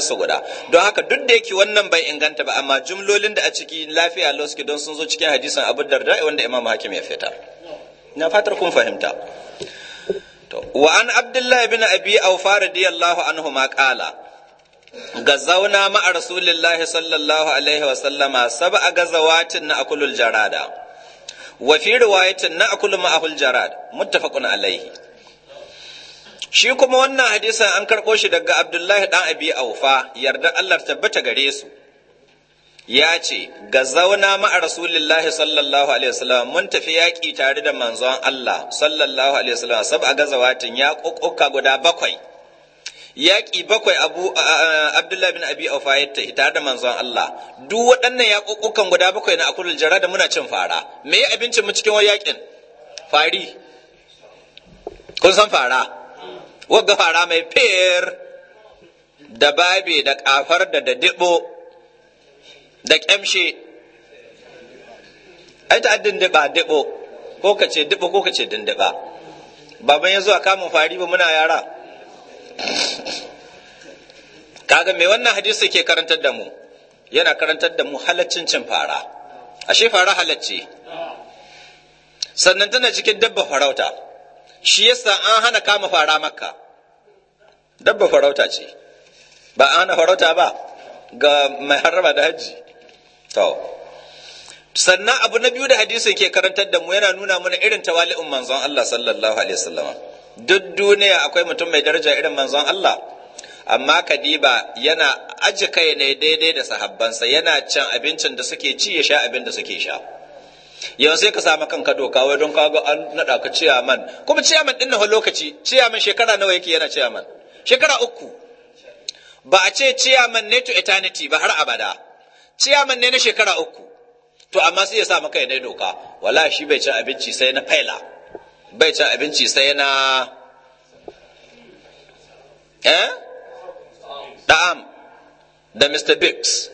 su guda don haka duk da yake wannan bai inganta ba amma jumlolin da a ciki lafiya lau don sun zo cikin hadisan abu darda'i wanda imamu hakim ya fitar na fatar kun fahimta wa an abdullahi bin abi aufa radiyallahu anhu ma qala gazauna ma'a rasulillahi sallallahu alaihi wa sallama a gazawatin na akulul jarada wa fi riwayatin na akulu ma'ahul jarad muttafaqun alaihi shi kuma wannan hadisin an karɓo shi daga abdullahi dan abi aufa yarda Allah tabbata gare su ya ce ga zauna ma'a rasulullahi sallallahu alaihi wasallam mun tafi yaƙi tare da manzon Allah sallallahu alaihi wasallam sab a gazawatin ya kokoka guda bakwai yaƙi bakwai abu abdullahi bin abi aufa ya tafi tare da manzon Allah duk waɗannan ya kokokan guda bakwai na akulul jara da muna cin fara me ya abincin mu cikin yaƙin fari kun san fara wagga fara mai fer da babe da kafar da dadibo da ƙyamshe. ai ta dindiba dibo ko ka ce dibo ko ka ce dindiba baban ya zuwa kamun fari ba muna yara *laughs* kaga me wannan hadisi ke karantar da mu yana karantar da mu halaccin cin fara ashe fara halacci sannan tana cikin dabba farauta shi yasa an hana kama fara makka dabba farauta ce ba an hana farauta ba ga mai haraba da hajji to sannan abu na biyu da hadisin ke karantar da mu yana nuna mana irin tawali'un manzon Allah sallallahu alaihi wasallam duk duniya akwai mutum mai daraja irin manzon Allah amma kadiba yana aji kai ne daidai da sahabbansa yana can abincin da suke ci ya sha abin da suke sha yau sai ka samu kanka doka wai don kawo an naɗa ka ciyaman kuma ciyaman din nawa lokaci ciyaman shekara nawa yake yana ciyaman shekara uku ba a ce ciyaman ne to eternity ba har abada ciyaman ne na shekara uku to amma sai ya sa maka yanayi doka wala shi bai cin abinci sai na faila bai cin abinci sai na eh da'am da Mr. Biggs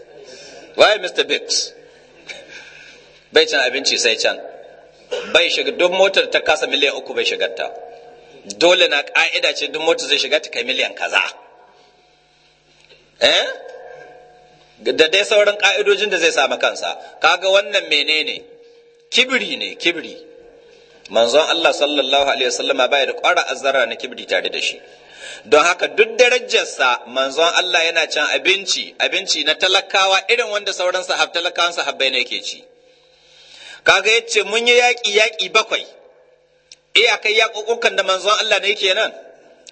Why Mr. Biggs bai cin abinci sai can bai shiga duk motar ta kasa miliyan uku bai ta dole na ka'ida ce duk motar zai shiga ta kai miliyan kaza eh da dai sauran ka'idojin da zai samu kansa kaga wannan menene kibiri ne kibiri manzon Allah sallallahu alaihi wasallama baya da ƙwara azzara na kibiri tare da shi don haka duk darajarsa manzon Allah yana can abinci abinci na talakawa irin wanda sauran sahab talakawan sahabbai ne ke ci kaga yace mun yi yaƙi yaƙi bakwai iyakai yaƙuƙukan da manzon Allah ne yake nan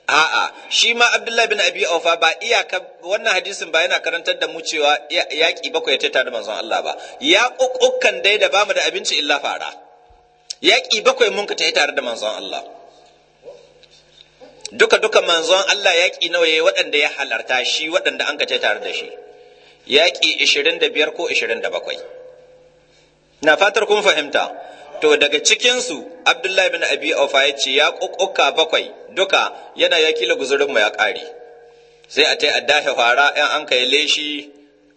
a'a shi ma abdullahi bin abi aufa ba iyaka wannan hadisin ba yana karantar da mu cewa yaƙi bakwai ya da manzon Allah ba ya ƙuƙƙukan dai da bamu da abinci illa fara yaƙi bakwai mun ka ta tare da manzon Allah duka duka manzon Allah yaƙi nawa yayi waɗanda ya halarta shi waɗanda an ka ta tare da shi yaƙi ishirin da biyar ko ishirin da bakwai. na fatar kun fahimta to daga cikinsu abdullahi bin abi aufa ya ce ya ƙuƙƙuka bakwai duka yana ya kila mu ya ƙare sai a ta yi dahe fara yan an kai leshi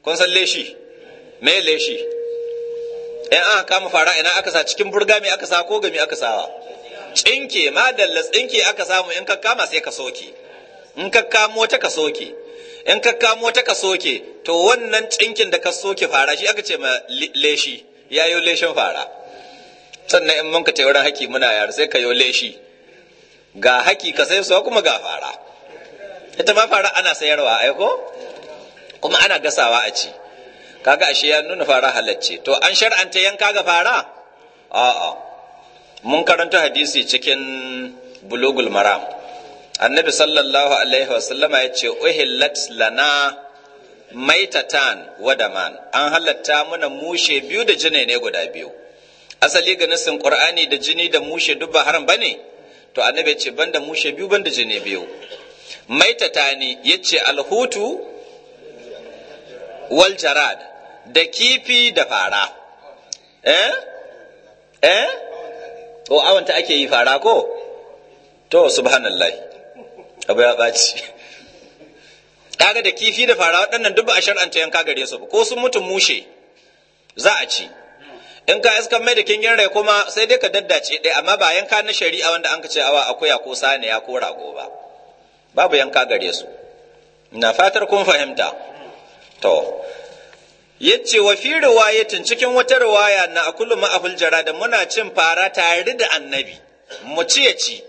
kun san leshi me leshi yan an kama fara ina aka sa cikin burga me aka sa ko gami aka sawa tsinke madalla tsinke aka samu in ka kama sai ka soke in ka kamo ta ka soke in ka kamo ta ka soke to wannan tsinkin da ka soke fara shi aka ce ma leshi yayo leshin fara sannan in mun ka ce wurin haki muna yar sai ka yo shi. ga haki ka sai su kuma ga fara ita ma fara ana sayarwa ai kuma ana gasawa a ci kaga ashe ya nuna fara halacce to an shar'anta yanka ga fara a'a mun karanta hadisi cikin bulugul maram annabi sallallahu alaihi wasallama ya ce uhillat lana maitatan wadaman an halatta muna mushe biyu da jine ne guda biyu asali ga nasin qur'ani da jini da mushe dubba ba haram bane to annabi ce banda mushe biyu banda jini biyu maitata ne yace alhutu wal jarad da kifi da fara eh eh to awanta ake yi fara ko to subhanallah abu ya ɓaci kaga da kifi da fara waɗannan duk ba a shar'anta yanka gare su ko sun mutu mushe za a ci in ka iskan mai da kingin rai kuma sai dai ka daddace ɗaya amma ba yanka na shari'a wanda an ka ce awa akuya ko saniya ko rago ba babu yanka gare su na fatar kun fahimta to yace wa fi riwayatin cikin wata riwaya na akulu ma'aful jara da muna cin fara tare da annabi mu ci ya ci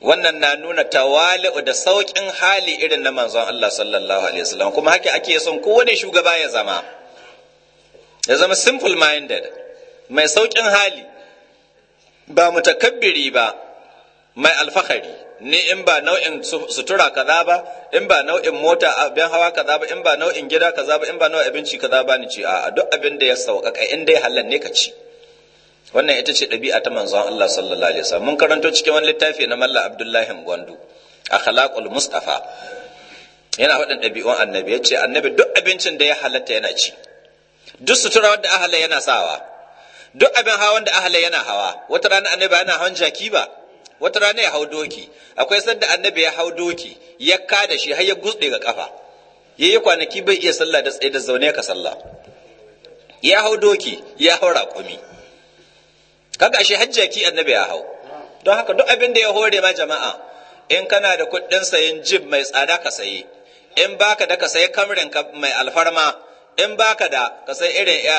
wannan na nuna tawali'u da saukin hali irin na manzon Allah sallallahu alaihi wasallam kuma haka ake son kowane shugaba ya zama ya zama simple minded mai sauƙin hali ba mutakabbiri ba mai alfahari ni in ba nau'in sutura kaza ba in ba nau'in mota abin hawa kaza ba in ba nau'in gida kaza ba in ba nau'in abinci kaza ba ni ci, a duk abin da ya sauƙaƙa in dai halal ne ka ci wannan ita ce ɗabi'a ta manzon Allah sallallahu alaihi wasallam mun karanto cikin wani littafi na Malla Abdullahi Gwandu akhlaqul Mustafa yana faɗin ɗabi'un annabi ya ce annabi duk abincin da ya halatta yana ci duk sutura wanda ahalai yana sawa duk abin hawan da ahalai yana hawa wata rana annabi yana hawan jaki ba wata rana ya hau doki akwai sanda annabi ya hau doki ya ka da shi har ya gutsɗe ga kafa yi kwanaki bai iya sallah da tsaye da zaune ka sallah ya hau doki ya hau raƙumi kaga shi jaki annabi ya hau don haka duk abin da ya hore ma jama'a in kana da kuɗin sayin jib mai tsada ka sayi. in baka da ka sayi kamrin mai alfarma in baka da ka san irin ya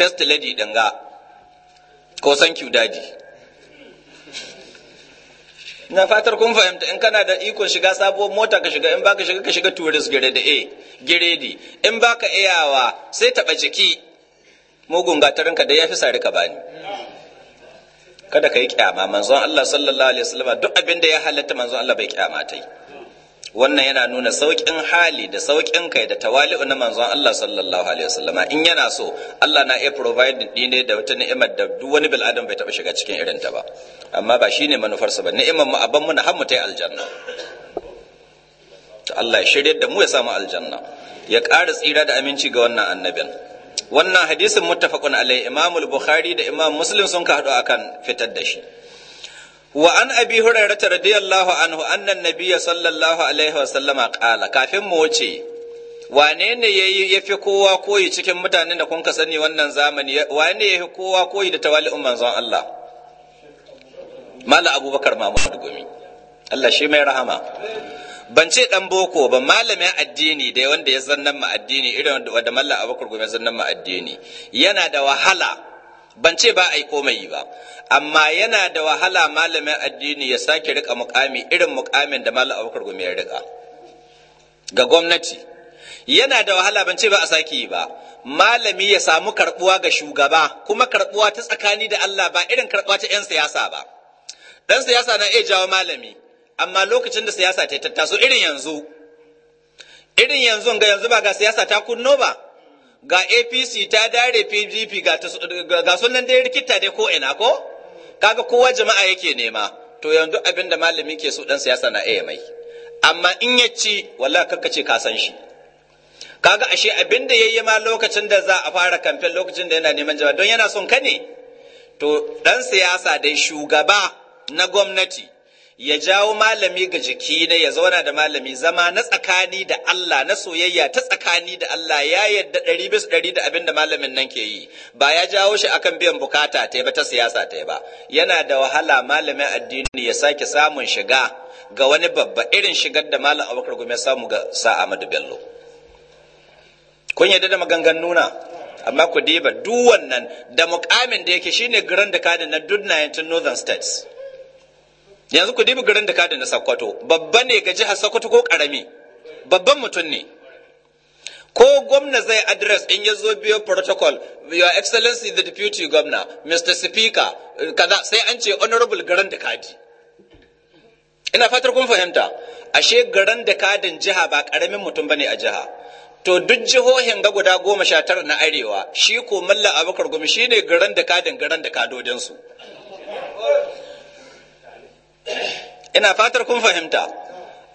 first dinga ga ko san daji na fatar kun fahimta in kana da ikon shiga sabuwar mota ka shiga in baka shiga ka shiga tourist grade A giredi in baka iyawa sai taba jiki mugun ka da fi sari ka bani kada ka yi kyama manzon Allah sallallahu alaihi wasallam duk abin da ya halatta manzon Allah bai kyama ta yi wannan yana nuna sauƙin hali da sauƙin kai da tawali'u na manzon Allah sallallahu alaihi wasallama in yana so Allah na iya provide din ne da wata ni'imar da duk wani bil adam bai taɓa shiga cikin irin ta ba amma ba shine manufar sa ba ni'imar mu aban mu na har mu tai aljanna to Allah ya shirye da mu ya samu aljanna ya ƙara tsira da aminci ga wannan annabin wannan hadisin muttafaqun alai imamul bukhari da imam muslim sun ka haɗu akan fitar da shi wa an abi hurairah radiyallahu anhu anna nabiyya sallallahu alaihi wasallama qala kafin mu wuce wane ne ya yafi kowa koyi cikin mutanen da kun ka sani wannan zamani wane ya fi kowa koyi da tawali'un manzon Allah mala abubakar mahmud gumi Allah shi mai rahama ban ce dan boko ba malamin addini da wanda ya zannan ma addini irin wanda mallam abubakar gumi zannan ma addini yana da wahala ban ce ba a yi komai ba amma yana da wahala malamin addini ya sake rika mukami irin mukamin da malam abubakar gumi ya rika ga gwamnati yana da wahala ban ce ba a sake yi ba malami ya samu karbuwa ga shugaba kuma karbuwa ta tsakani da Allah ba irin karbuwa ta 'yan siyasa ba dan siyasa na iya jawo malami amma lokacin da siyasa ta tattaso irin yanzu irin yanzu ga yanzu ba ga siyasa ta kunno ba ga apc ta dare pdp ga sunan dai rikita dai ko ina ko kaga kowa jama'a yake nema to yanzu abin da malami ke so dan siyasa na iya mai amma in ya ci wallahi kakka ce ka san shi kaga ashe abin da yayi ma lokacin da za a fara kamfen lokacin da yana neman jama'a don yana son ka ne to dan siyasa dai shugaba na gwamnati ya jawo malami ga jiki ne ya zauna da malami zama na tsakani da Allah na soyayya ta tsakani da Allah ya yadda ɗari bis ɗari da abin da malamin nan ke yi ba ya jawo shi akan biyan bukata ta ba ta siyasa ta ba yana da wahala malamin addini ya sake samun shiga ga wani babba irin shigar da malam Abubakar Gumi samu ga sa Amadu Bello kun yadda da magangan nuna amma ku diba duk wannan da mukamin da yake shine grand cardinal na duk 19 northern states yanzu ku dibi garin da ka da na sakkwato babba ne ga jihar sakkwato ko karami babban mutum ne ko gwamna zai address in ya zo biyo protocol your excellency the deputy governor mr speaker kaza sai an ce honorable garin da kadi ina fatar kun fahimta ashe garin da kadin jiha ba karamin mutum bane a jiha to duk jihohin ga guda goma sha tara na arewa shi ko malla abakar gumi shine garin da kadin garin da kadodinsu ina fatar kun fahimta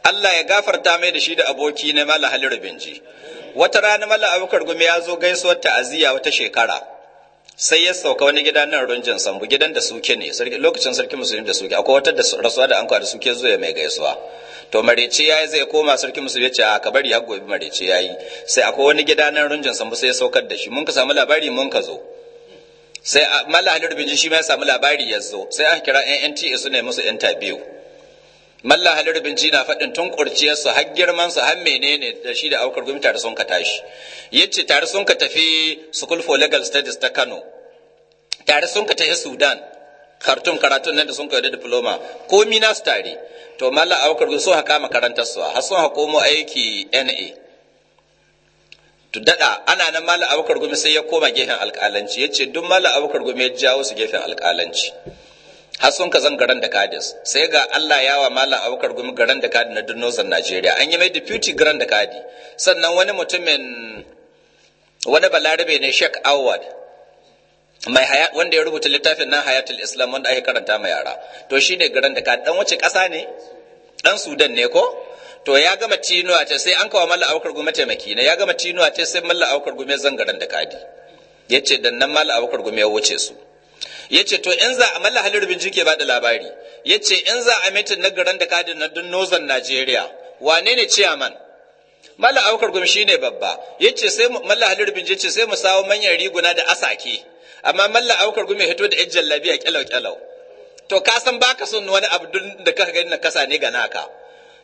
Allah ya gafarta mai da shi da aboki na mala halin binji wata rana mala abubakar gumi ya zo gaisuwar ta'aziyya wata shekara sai ya sauka wani gida nan runjin sambu gidan da suke ne lokacin sarki musulmi da suke akwai wata rasuwa da an da suke zuwa mai gaisuwa to marece yayi zai koma sarki musulmi ya ce a bari har gobe marece yayi sai akwai wani gida nan runjin sambu sai ya saukar da shi mun ka samu labari mun ka zo sai ah, mala halil bin shi ma ya samu labari ya zo sai aka kira NNTA su ne musu interview malla halil bin na faɗin tun su har girman su har menene da shi da aukar gwamnati tare sun ka tashi yace tare sun ka tafi school for legal studies ta Kano tare sun ka tafi Sudan kartun karatun nan da sun kai da diploma ko mina su tare to malla aukar gwamnati sun haka makarantar su har sun hako aiki NA to daɗa ana nan malam abubakar gumi sai ya koma gefen alƙalanci ya ce duk malam abubakar gumi ya jawo su gefen alƙalanci har sun ka zan garan da kadis sai ga Allah ya wa malam abubakar gumi garan da kadi na dunnozan Najeriya an yi mai deputy garan da kadi sannan wani mutumin wani balarabe ne Sheik Awad mai haya wanda ya rubuta littafin nan hayatul islam wanda ake karanta ma yara to shine garan da kadi dan wace kasa ne dan Sudan ne ko to ya gama tinuwa ce sai an kawo malla abokar gume taimaki na ya gama tinuwa ce sai malla abokar gume zangaren da kadi ya ce dan nan malla abokar gume ya wuce su ya ce to in za a malla halin rubin jike ba da labari ya ce in za a mitin na garan da kadi na dun nozan najeriya wane ne ciyaman malla abokar gume shine babba ya ce sai malla halin rubin ce sai mu sawo manyan riguna da asake amma malla abokar gume hito da yan jallabi a kyalau kyalau to ka san baka son wani abu da ka gani na kasa ne ga naka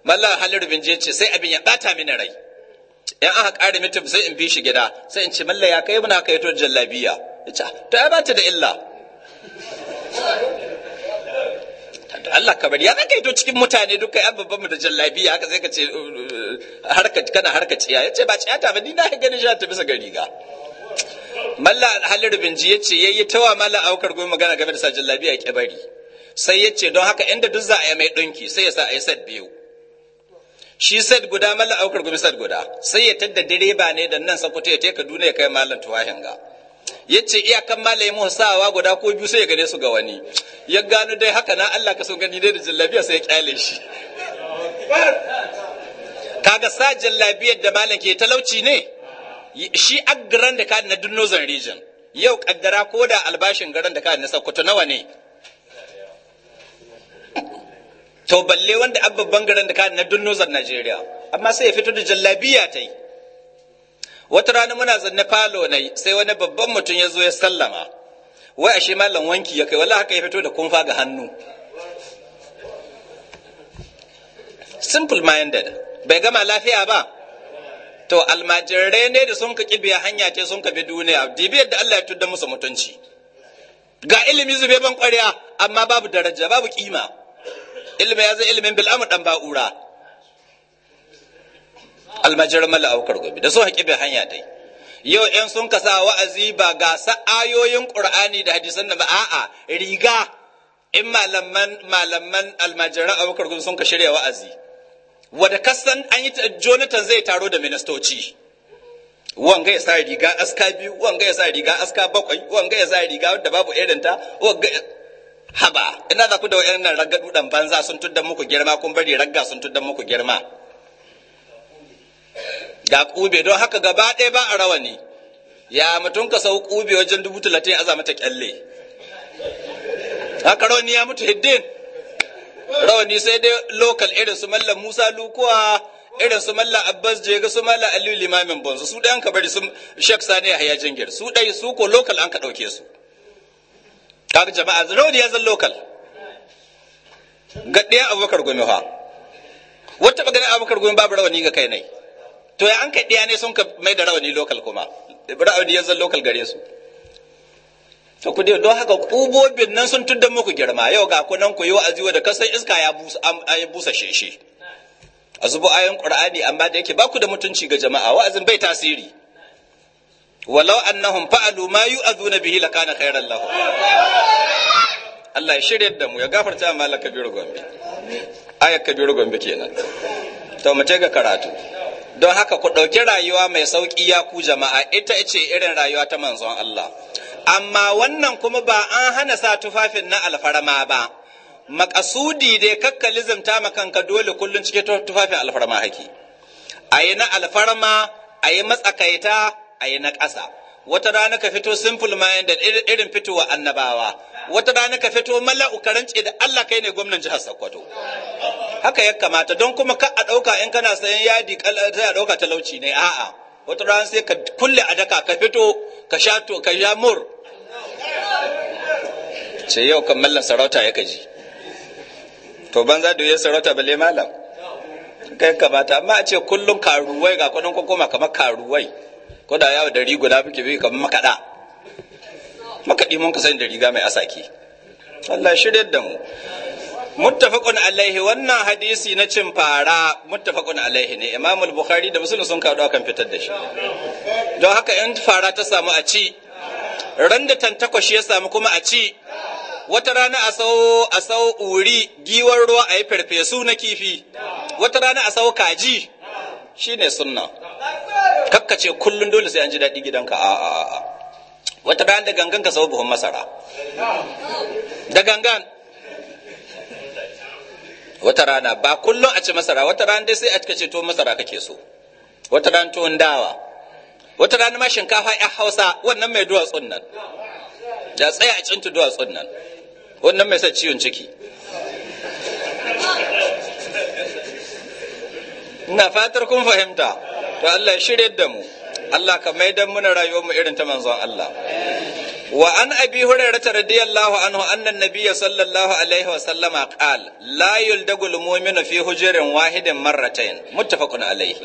mallan halin rubin ce sai abin ya bata mini rai in aka kare mutum sai in bi shi gida sai in ce mallan ya kai muna kai to jallabiya ya to ya bata da illa to Allah ka bari ya zaka yi to cikin mutane duka ya babban mu da jallabiya haka sai ka ce uh, uh, harka kana harka ciya yace ba ciya ta ba ni na ganin shi ta bisa ga riga malla bin rubinji yace yayi tawa malla aukar goyi magana game da sa jallabiya ya bari sai yace don haka inda duk za a yi mai dinki sai ya sa a yi sad biyu shi sad guda mallan aukar gumi sad guda sai ya tadda direba ne da nan sakwato ya teka duniya kai mallan tuwahin ga ya ce iyakan mu sawa guda ko biyu sai ya gane su ga wani ya gano dai haka na Allah ka so gani dai da jallabiya sai ya kyale shi kaga sa jallabiyar da malam ke talauci ne shi aggaran da ka na duk region yau kaddara ko da albashin garan da ka na sakuta nawa ne to balle wanda abban garin da ka na dun Najeriya amma sai ya fito da jallabiya ta yi wata rana muna zanne falo na sai wani babban mutum ya zo ya sallama wai ashe malam wanki ya kai wallahi haka ya fito da kumfa ga hannu simple minded bai gama lafiya ba to almajirai ne da sun ka kibiya hanya ce sun ka bi duniya dibiyar da Allah ya tudda musu mutunci ga ilimi zube ban kwarya amma babu daraja babu kima ilmi ya zai ilmin bil'amu ɗan dan ba'ura almajar mala aukar gobe da so haƙi bai hanya dai yau in sun kasa wa'azi ba ga sa'ayoyin qur'ani da hadisan da ba a'a riga in malaman malaman almajiran abubakar gobe sun ka shirya wa'azi wadda kasan an yi jonathan zai taro da ministoci wanga ya sa riga aska biyu wanga ya sa riga aska bakwai wanga ya sa riga wadda babu irinta haba ina za ku da nan ragga dudan banza sun tuddan muku girma kun bari ragga sun tuddan muku girma ga kube don haka gaba ɗaya ba a rawani ya mutun ka sau kube wajen dubu talatin aza mata kyalle haka rawani ya mutu hiddin rawani sai dai lokal irin su mallam musa lukuwa irin su mallam abbas jega su mallam aliyu limamin bonzo su ɗaya an ka bari su shek sani ya haya jingir su ɗai su ko lokal an ka ɗauke su kaga jama'a rodi ya zan local ga ɗaya abubakar gome fa wata magana abubakar gome babu rawani ga kai ne to ya an kai ɗaya ne sun ka mai da rawani local kuma rawani ya zan lokal gare su to ku don haka ƙubobin nan sun tuddan muku girma yau ga ku nan ku yi wa'azi da kasan iska ya busa shi a zubo ayan qur'ani amma da yake ba ku da mutunci ga jama'a wa'azin bai tasiri walau annahum fa'alu ma yu'aduna bihi lakana khairan lahum Allah ya shirya da mu ya gafarta ma Allah kabiru gombe ayat kabiru gombe kenan to mu ga karatu don haka ku ɗauki rayuwa mai sauƙi ya ku jama'a ita ce irin rayuwa ta manzon Allah amma wannan kuma ba an hana sa tufafin na alfarma ba makasudi dai kakka lizimta ma kanka dole kullum cike tufafin alfarma haki a yi na alfarma a yi matsakaita a yi na ƙasa wata rana ka fito simple da irin fitowa annabawa wata rana ka fito mala'u ka rance da Allah kai ne gwamnan jihar Sokoto haka ya kamata don kuma ka a ɗauka in kana sayan yadi sai a ɗauka talauci ne a'a wata rana sai ka kulle a daka ka fito ka sha to ka sha mur ce yau kan mallan sarauta ya kaji to banza da ya sarauta balle malam kai kamata amma a ce kullum karuwai ga kudin kokoma kamar karuwai ko da yawa da guda muke bi kamar makada makadi mun ka sani da riga mai asaki Allah shirye da mu muttafaqun alaihi wannan hadisi na cin fara muttafaqun alaihi ne Imam al-Bukhari da Muslim sun kawo akan fitar da shi don haka in fara ta samu a ci ran da tantakwashi ya samu kuma a ci wata rana a sau a sau uri giwar ruwa a yi farfesu na kifi wata rana a sau kaji Shi ne sunna kakkace kullum dole sai an ji daɗi gidanka a a a wata bayan da gangan ka sau buhun masara da gangan wata rana ba kullum a ci masara wata rana dai sai a cika to masara kake so wata rana tuwon dawa wata rana ma shinkafa ya hausa wannan mai duwatsun nan da tsaya a cinta duwatsun nan wannan mai sa ciwon ciki ina fatar kun fahimta to Allah ya shirye da mu Allah ka maidan muna rayuwar mu irin ta manzon Allah wa an abi hurairah radiyallahu anhu anna nabiyya sallallahu alaihi wa sallama qal la yuldagul mu'minu fi hujrin wahidin marratayn muttafaqun alaihi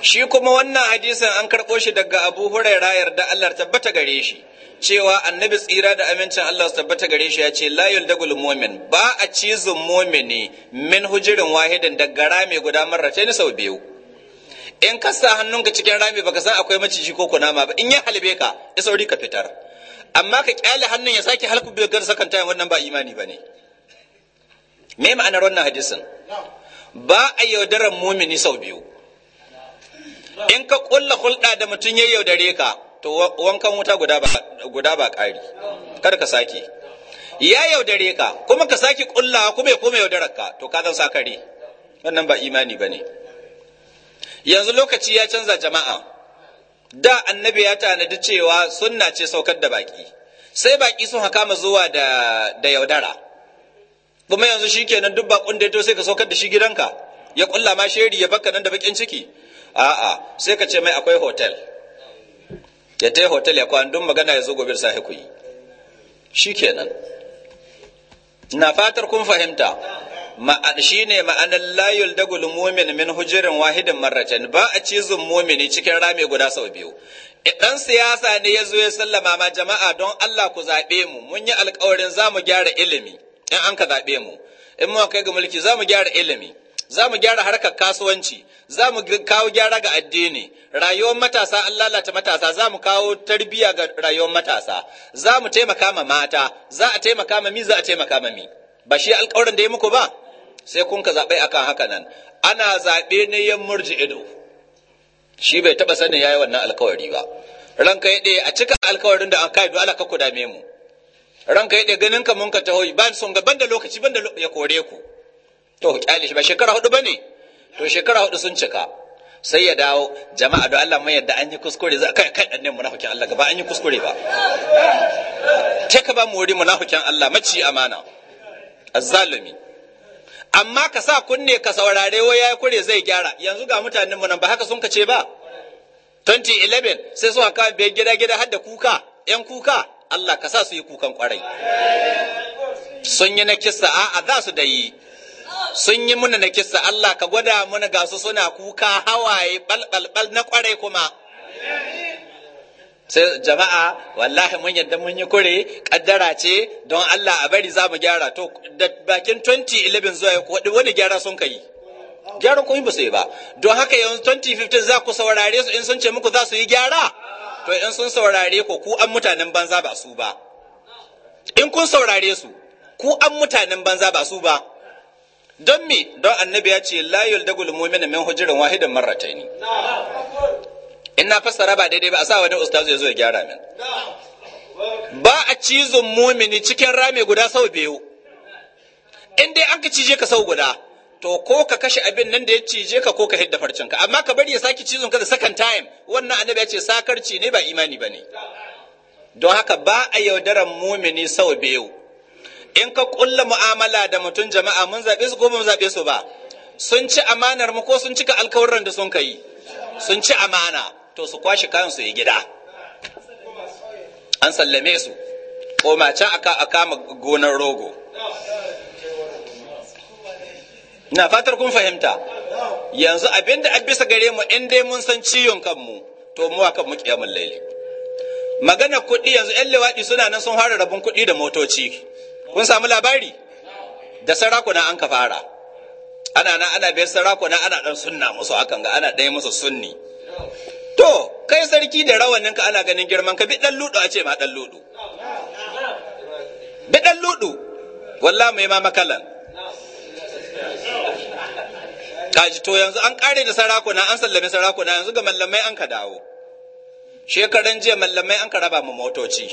shi kuma wannan hadisin an karɓo shi daga abu huraira yarda Allah tabbata gare shi cewa annabi tsira da amincin Allah tabbata gare shi ya ce layul dagul mu'min ba a cizon mu'mini min hujirin wahidin daga rami guda marrata ni sau biyu in ka sa hannunka cikin rami baka san akwai maciji ko kunama ba in ya halbe ka ya sauri ka fitar amma ka kyale hannun ya sake halku biyu gar sakan tayin wannan ba imani bane me ma'anar wannan hadisin ba a yaudarar mu'mini sau biyu in ka kulla hulɗa da mutum ya yaudare ka to wankan wuta guda ba ƙari kada ka sake ya yaudare ka kuma ka sake kulla kuma ya kuma yaudarar ka to ka zan sa kare wannan ba imani ba ne yanzu lokaci ya canza jama'a da annabi ya tanadi cewa sunna ce saukar da baki sai baƙi sun haka zuwa da, yaudara kuma yanzu shikenan duk bakon da ya to sai ka saukar da shi gidanka ya ƙulla ma sheri ya bakka nan da bakin ciki a'a sai ka ce mai akwai hotel ya ta hotel ya kwan duk magana ya zo gobe da sahi ku yi kenan. na fatar kun fahimta shi ne ma'anar layul dagul mumin min hujirin wahidin marracin ba a cizon mumini cikin rami guda sau biyu idan e, siyasa ne ya zo ya sallama ma jama'a don Allah ku zaɓe mu mun yi alkawarin za mu gyara ilimi in an ka zaɓe mu in muka kai ga mulki za mu gyara ilimi za mu gyara harkar kasuwanci za mu kawo gyara ga addini rayuwar matasa an lalata matasa za mu kawo tarbiyya ga rayuwar matasa za mu taimaka ma mata za a taimaka ma mi za a taimaka ma mi ba shi alkawarin da ya muku ba sai kun ka zaɓe akan haka nan ana zaɓe ne yan murji ido shi bai taɓa sanin yayi wannan alƙawari ba ranka ya ɗaya a cika alƙawarin da an kai dole ka ku dame mu ranka ya ɗaya ganin ka mun ka taho ban sun ga da lokaci banda ya kore ku to kyale shi ba shekara hudu bane to shekara hudu sun cika sai ya dawo jama'a da Allah mai yadda an yi kuskure za kai kai dan ne munafikin Allah ba an yi kuskure ba ke ka ba mu wuri munafikin Allah maci amana azzalumi amma ka sa kunne ka saurare waya yayi kure zai gyara yanzu ga mutanen mu nan ba haka sun kace ba 2011 sai suka kawo biyar gida gida har da kuka yan kuka Allah ka sa su yi kukan kwarai sun yi na kissa a'a za su da yi sun yi muna na kissa Allah ka gwada muna ga su suna kuka hawaye balbalbal na kwarai kuma sai jama'a wallahi mun yadda mun yi kure kaddara ce don Allah a bari za mu gyara to da bakin 2011 zuwa ya wani gyara sun ka yi. gyaran kun ba su yi ba don haka yanzu 2015 za ku saurare su in sun ce muku za su yi gyara to in sun saurare ku ku an mutanen banza ba su ba in kun saurare su ku an mutanen banza ba su ba don me don annabi ya ce la yuldagul mu'minu min hujrin wahidan marrataini in na fassara ba daidai ba a sa wani ustazu ya zo ya gyara min ba a cizon mumini cikin rame guda sau biyu in dai an ka cije ka sau guda to ko ka kashe abin nan da ya cije ka ko ka hidda farcinka amma ka bari ya saki cizon ka da second time wannan annabi ya ce sakarci ne ba imani ba ne don haka ba a yaudaran mumini sau biyu in ka kulla mu'amala da mutum jama'a mun zaɓe su ko mun zaɓe su ba sun ci amanar mu ko sun cika alkawarin da sun kai sun ci amana to su kwashi kayan su yi gida an sallame su ko can aka kama gonar rogo na fatar kun fahimta yanzu abinda a bisa gare mu in dai mun san ciyon kanmu to mu kan mu kiyamul laili magana kuɗi yanzu 'yan lewaɗi suna nan sun fara rabin kuɗi da motoci kun samu labari da sarakuna an ka fara ana na ana biyar sarakuna ana dan sunna musu hakan ga ana ɗaya musu sunni to kai sarki da rawanin ka ana ganin girman ka bi dan ludu a ce ma dan ludu bi dan ludu walla mai ma makalan kaji to yanzu an kare da sarakuna an sallame sarakuna yanzu ga mallamai an ka dawo shekaran jiya mallamai an ka raba mu motoci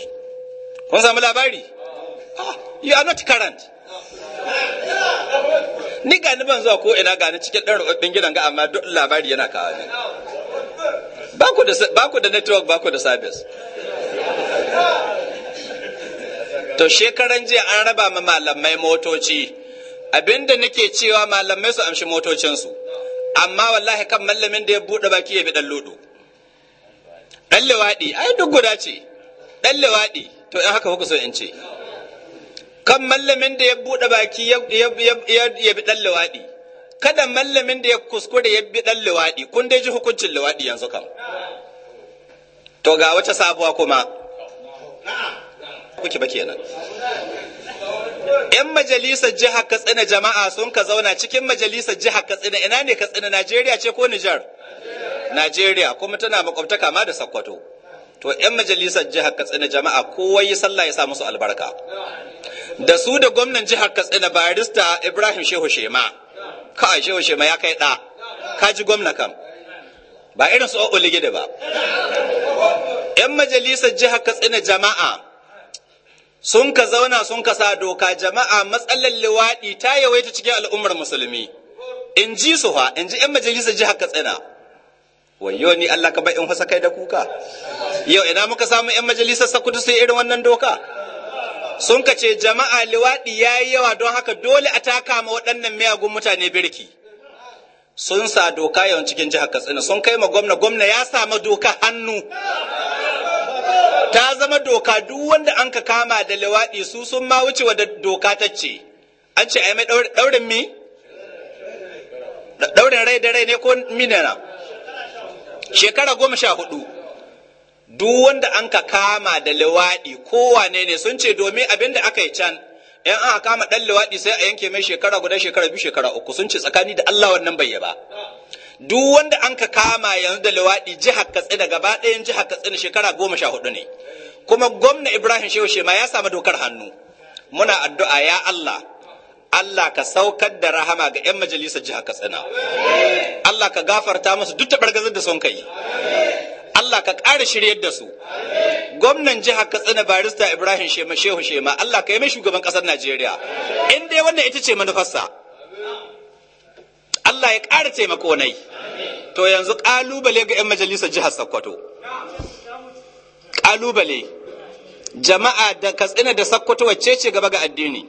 kun samu labari Ah, you are not current ni gani ban zuwa ko ina gani cikin ɗan rubabbin gidan ga amma duk labari yana kawo ne ba ku da network ba ku da service to shekaran jiya an raba ma malamai motoci abinda nake cewa malamai su amshi motocinsu amma wallahi kan mallamin da ya buɗe baki ya bi ɗan ludu ɗan lewaɗi ai duk guda ce ɗan lewaɗi to in haka kuka so in ce kan mallamin da ya buɗe baki ya bi ɗan luwaɗi kada mallamin da ya kuskure ya bi ɗan luwaɗi kun dai ji hukuncin luwaɗi yanzu kam to ga wace sabuwa kuma kuke ba kenan yan majalisar jiha katsina jama'a sun ka zauna cikin majalisar jiha katsina ina ne katsina najeriya ce ko nijar najeriya kuma tana makwabta ma da sakkwato to yan majalisar jiha katsina jama'a kowa yi sallah ya sa musu albarka da su da gwamnan jihar katsina barista ibrahim shehu shema ka shehu shema ya kai ɗa ka ji gwamna kam ba irin su oligide ba yan majalisar jihar katsina jama'a sun ka zauna sun ka sa doka jama'a matsalar liwaɗi ta yawaita cikin al'ummar musulmi in ji su ha in ji yan majalisar jihar katsina wayo ni allah ka bai in fasa kai da kuka yau ina muka samu yan majalisar sakudu su irin wannan doka sun ka ce jama'a liwaɗi ya yi yawa don haka dole a taka ma waɗannan miyagun mutane birki sun sa doka yawan cikin jihar katsina sun kai ma gwamna gwamna ya sama doka hannu ta zama doka duk wanda an ka kama da liwaɗi su sun ma wuce wadda doka ta ce an ce ai mai ɗaurin mi ɗaurin rai da rai ne ko minana shekara goma sha hudu duk wanda an ka kama da lewaɗi kowane ne sun ce domin abin da aka yi can 'yan an kama ɗan lewaɗi sai a yanke mai shekara guda shekara biyu shekara uku sun ce tsakani da Allah wannan bai ba duk wanda an ka kama yanzu da jiha jihar katsina gaba ɗayan jihar katsina shekara goma sha hudu ne kuma gwamna ibrahim shehu shema ya samu dokar hannu muna addu'a ya Allah Allah ka saukar da rahama ga 'yan majalisar jihar katsina Allah ka gafarta masu duk taɓargazar da sun kai Allah ka ƙara shiryar da su gwamnan jiha Katsina barista Ibrahim Shema Shehu Shema Allah ka yi mai shugaban ƙasar Najeriya in dai wannan ita ce manufarsa Allah ya ƙara taimako nai to yanzu ƙalubale ga 'yan majalisar jihar Sokoto ƙalubale jama'a da Katsina da Sokoto wacce ce gaba ga addini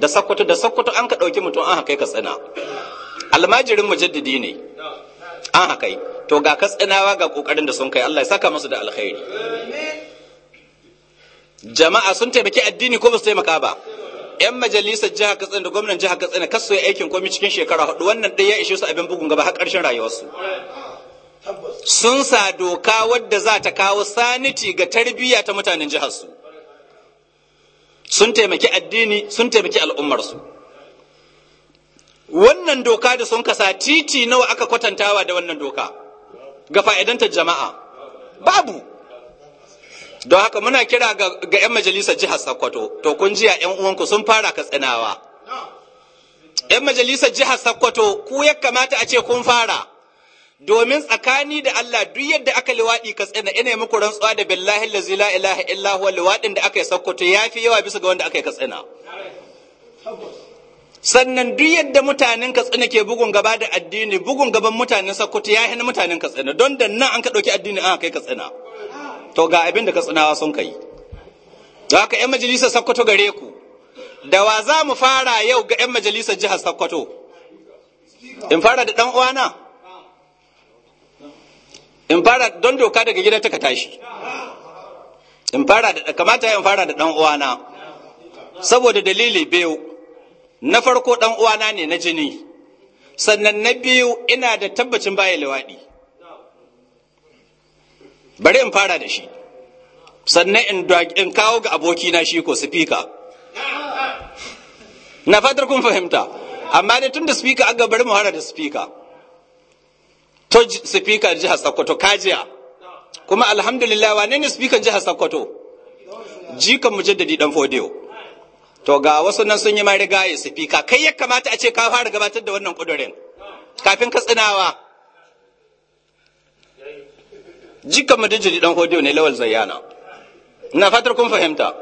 da Sokoto da Sokoto an ka ɗauki mutum an haka Katsina almajirin mujaddidi ne an haka yi to ga katsinawa ga kokarin da sun kai Allah ya saka musu da alkhairi jama'a sun taimaki addini ko ba su taimaka ba yan majalisar jihar katsina da gwamnan jihar katsina kasu ya aikin komi cikin shekara hudu wannan ɗaya ya ishe su abin bugun gaba har ƙarshen rayuwarsu sun sa doka wadda za ta kawo saniti ga tarbiyya ta mutanen jiharsu sun taimaki addini sun taimaki al'ummarsu wannan doka da sun kasa titi nawa aka kwatantawa da wannan doka ga fa'idantar jama'a babu don haka muna kira ga 'yan majalisar jihar Sokoto to kun jiya 'yan uwanku sun fara katsinawa 'yan majalisar jihar Sokoto ku ya kamata a ce kun fara domin tsakani da Allah duk yadda aka liwaɗi ka tsina ina yi muku rantsuwa da billahi la zila ilaha illa huwa liwaɗin da aka yi Sokoto ya fi yawa bisa ga wanda aka yi ka tsina sannan duk yadda mutanen katsina ke bugun gaba da addini bugun gaban mutanen sakkwato ya hana mutanen katsina don da nan an ka ɗauki addini an kai katsina to ga abin da katsinawa sun kai da haka 'yan majalisar sakkwato gare ku da wa za mu fara yau ga 'yan majalisar jihar sakkwato in fara da ɗan uwana in fara don doka daga gida ta ka tashi in fara da kamata in fara da ɗan uwana saboda dalili biyu na farko ɗan uwana ne na jini sannan na biyu ina da tabbacin baya lewaɗi bari in fara da shi sannan in kawo ga abokina shi ko sifika na fatar kun fahimta amma ne tun da sifika aga bari mu hara da sifika to sifika jihar sokoto kajiya kuma alhamdulillah wane ne sifikan jihar sokoto jikan mujaddadi dan fodiyo to ga wasu nan sun yi ma rigaye ka kai ya kamata a ce ka fara gabatar da wannan kudurin kafin ka tsinawa jikan dijiri dan hodiyo ne lawal zayyana ina fatar kun fahimta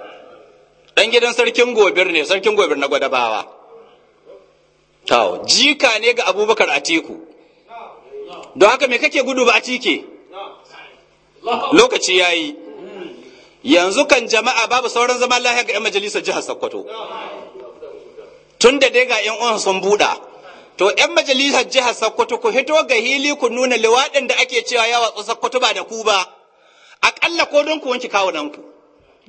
dan gidan sarkin gobir ne sarkin gobir na gwadabawa to jika ne ga abubakar a teku don haka me kake gudu ba a tike lokaci yayi yanzu kan jama'a babu sauran zaman lahiya ga 'yan majalisar jihar sokoto tun da dai ga 'yan uwan sun buɗa to 'yan majalisar jihar sokoto ku hito ga hili ku nuna liwaɗin da ake cewa ya watsu sokoto ba da ku ba aƙalla ko don ku wanke kawunanku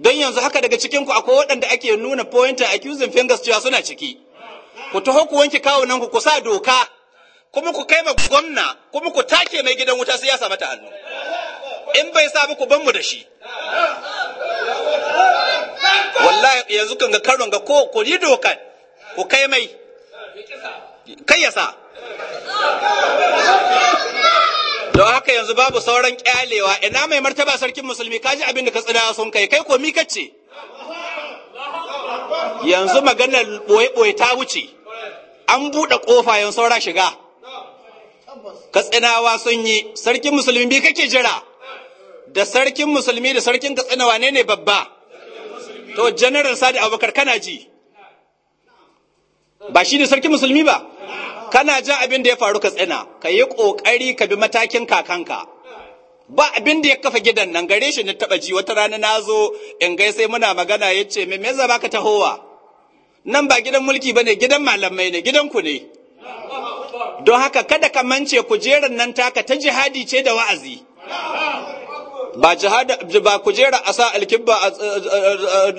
don yanzu haka daga cikinku akwai waɗanda ake nuna pointer accusing fingers cewa suna ciki ku taho ku wanke kawunanku ku sa doka kuma ku kai ma gwamna kuma ku take mai gidan wuta sai ya samu ta hannu in bai sa ku ban mu da shi wallahi yanzu kan ga karon ga ko ko rido dokan ko kai mai kai ya sa don haka yanzu babu sauran kyalewa ina mai martaba sarkin musulmi kaji abin da ka tsina sun kai kai ko mi kace yanzu maganar ɓoye-ɓoye ta wuce an buɗe ƙofa yanzu saura shiga katsinawa sun yi sarkin musulmi bi kake jira da sarkin musulmi da sarkin katsinawa ne ne babba to janaral sadi abubakar kana ji ba shi ne sarki musulmi ba kana jin abin da ya faru ka tsina ka yi ƙoƙari ka bi matakin kakanka ba abin da ya kafa gidan nan gare shi na taɓa ji wata rana na zo in gai sai muna magana ya ce me meza ka tahowa nan ba gidan mulki ba ne gidan malamai ne gidan ku ne don haka kada ka mance kujerar nan taka ta jihadi ce da wa'azi ba jihada ba kujera a sa alkibba a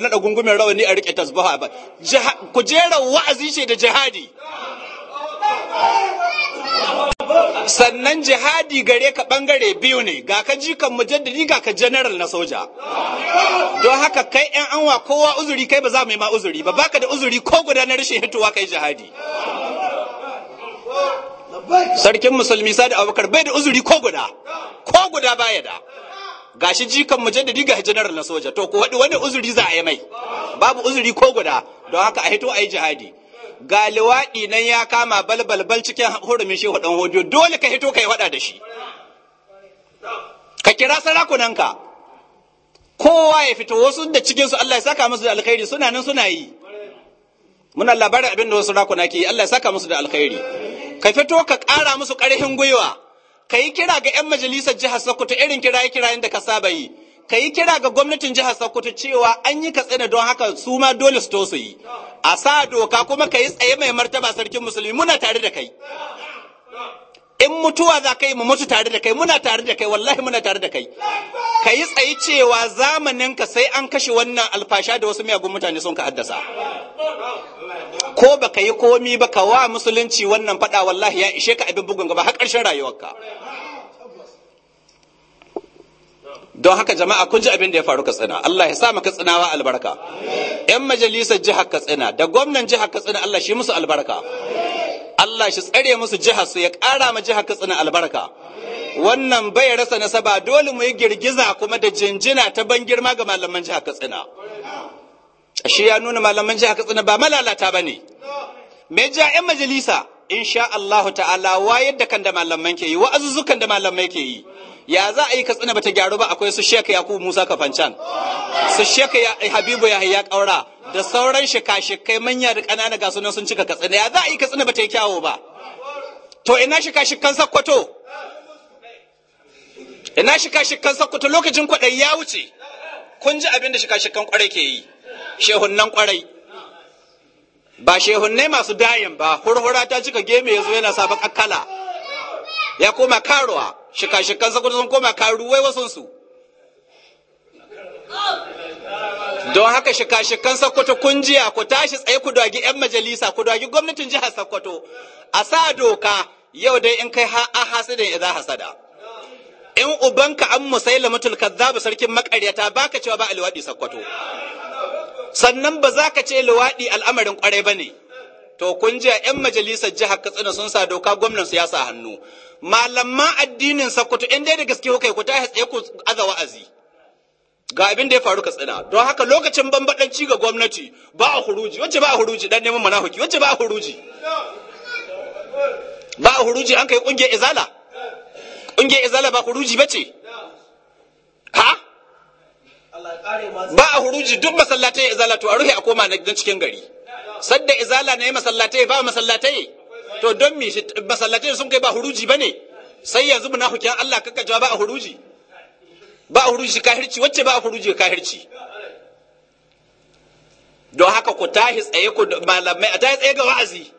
nada gungumin rawani a rike tasbaha ba kujera wa'azi ce da jihadi sannan jihadi gare ka bangare biyu ne ga ka jikan mujaddadi ga ka general na soja don haka kai yan anwa kowa uzuri kai ba za mu yi ma uzuri ba baka da uzuri ko guda na rashin hitowa kai jihadi sarkin musulmi sadi abubakar bai da uzuri ko guda ko guda baya da gashi jikan mujaddadi ga general na soja to ko wani wani uzuri za a yi mai babu uzuri ko guda don haka a hito a yi jihadi ga liwaɗi nan ya kama balbalbal cikin hurumin shehu dan hodiyo dole ka hito ka yi wada da shi ka kira ka kowa ya fito wasu da cikin su Allah ya saka musu da alkhairi suna nan suna yi muna labarin abin da wasu rakuna ke yi Allah ya saka musu da alkhairi ka fito ka ƙara musu ƙarfin gwiwa ka yi kira ga 'yan majalisar jihar Sokoto irin kiraye kira da ka saba yi ka yi kira ga gwamnatin jihar Sokoto cewa an yi katsina don haka su ma dole su to su yi a sa doka kuma ka yi tsaye mai martaba sarkin musulmi muna tare da kai in mutuwa za ka yi mu mutu tare da kai muna tare da kai wallahi muna tare da kai ka yi tsayi cewa zamanin ka sai an kashe wannan alfasha da wasu miyagun mutane sun ka haddasa ko ba ka yi komi ba ka wa musulunci wannan faɗa. wallahi ya ishe ka abin bugun gaba har ƙarshen rayuwarka don haka jama'a kun ji abin da ya faru katsina Allah ya sa maka tsinawa albarka yan majalisar jihar katsina da gwamnan jihar katsina Allah shi musu albarka Allah shi tsare musu jihar su ya ƙara ma jihar katsina albarka wannan bai rasa nasaba dole mu yi girgiza kuma da jinjina ta ban girma ga malaman jihar katsina shi ya nuna malaman jihar katsina ba malalata ba ne me ja yan majalisa insha Allah, ta'ala wayar da kan da malaman ke yi wa'azuzzukan da malaman ke yi ya za a yi katsina bata gyaru ba akwai su sheka yakubu musa kafancan su sheka habibu yahaya kaura da sauran shika-shikai manya da ƙanana ga sunan sun cika katsina ya za a yi katsina bata yi kyawo ba to ina shika-shikan sakkwato ina shika-shikan sakkwato lokacin kwaɗayi ya wuce kun ji abin da shika-shikan kwarai ke yi shehunnan kwarai ba shehunnai masu dayin ba hurhura ta cika geme ya zo yana sabon akala ya koma karuwa shika-shikan sakwato sun koma karuwai su. don haka shika-shikan sakwato kun jiya ku tashi tsaye ku dagi 'yan majalisa ku dagi gwamnatin jihar Sakkwato, a sa doka yau dai in kai a hasidin ya za hasada in ubanka an musaila mutul kazzabu sarkin makaryata baka cewa ba alwadi Sakkwato. sannan ba za ka ce luwaɗi al'amarin kwarai ba ne to kun ji yan majalisar jihar Katsina sun sa doka gwamnan su ya sa hannu Malamma addinin Sokoto in dai da gaske kuka ku ta hatsaye ku aza wa'azi ga abin da ya faru Katsina don haka lokacin bambadanci ga gwamnati ba a huruji wacce ba a huruji dan neman manahiki wacce ba a huruji ba a huruji an kai kungiyar izala kungiyar izala ba huruji bace ha ba a huruji duk masallatai izala to a ruhe a koma na cikin gari sadda izala ne masallatai ba masallatai to don mi masallatai sun kai ba huruji ba ne sai yanzu muna hukiyan Allah kaka jawa ba a huruji ba a huruji kahirci wacce ba a huruji kahirci don haka ku tahi tsaye ku malamai a tahi tsaye ga wa'azi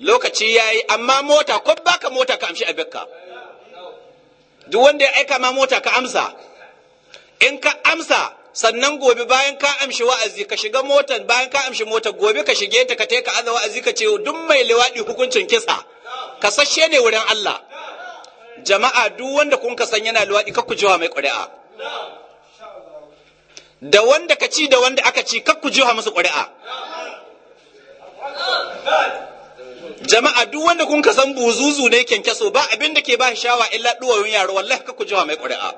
lokaci ya yi amma mota ko baka mota ka amshi abinka duk wanda ya aika ma mota ka amsa in ka amsa sannan gobe bayan ka amshi wa'azi ka shiga motar bayan ka amshi motar gobe ka shige ta ka ta ka aza wa'azi ka ce duk mai liwaɗi hukuncin kisa kasashe ne wurin Allah jama'a duk wanda kun ka san yana liwaɗi kakku kujewa mai ƙuri'a da wanda ka ci da wanda aka ci kakku kujewa musu ƙuri'a jama'a duk wanda kun ka san buzuzu ne kyankyaso ba abin da ke ba shawa illa duwawun yaro wallahi ka ku jawa mai ƙuri'a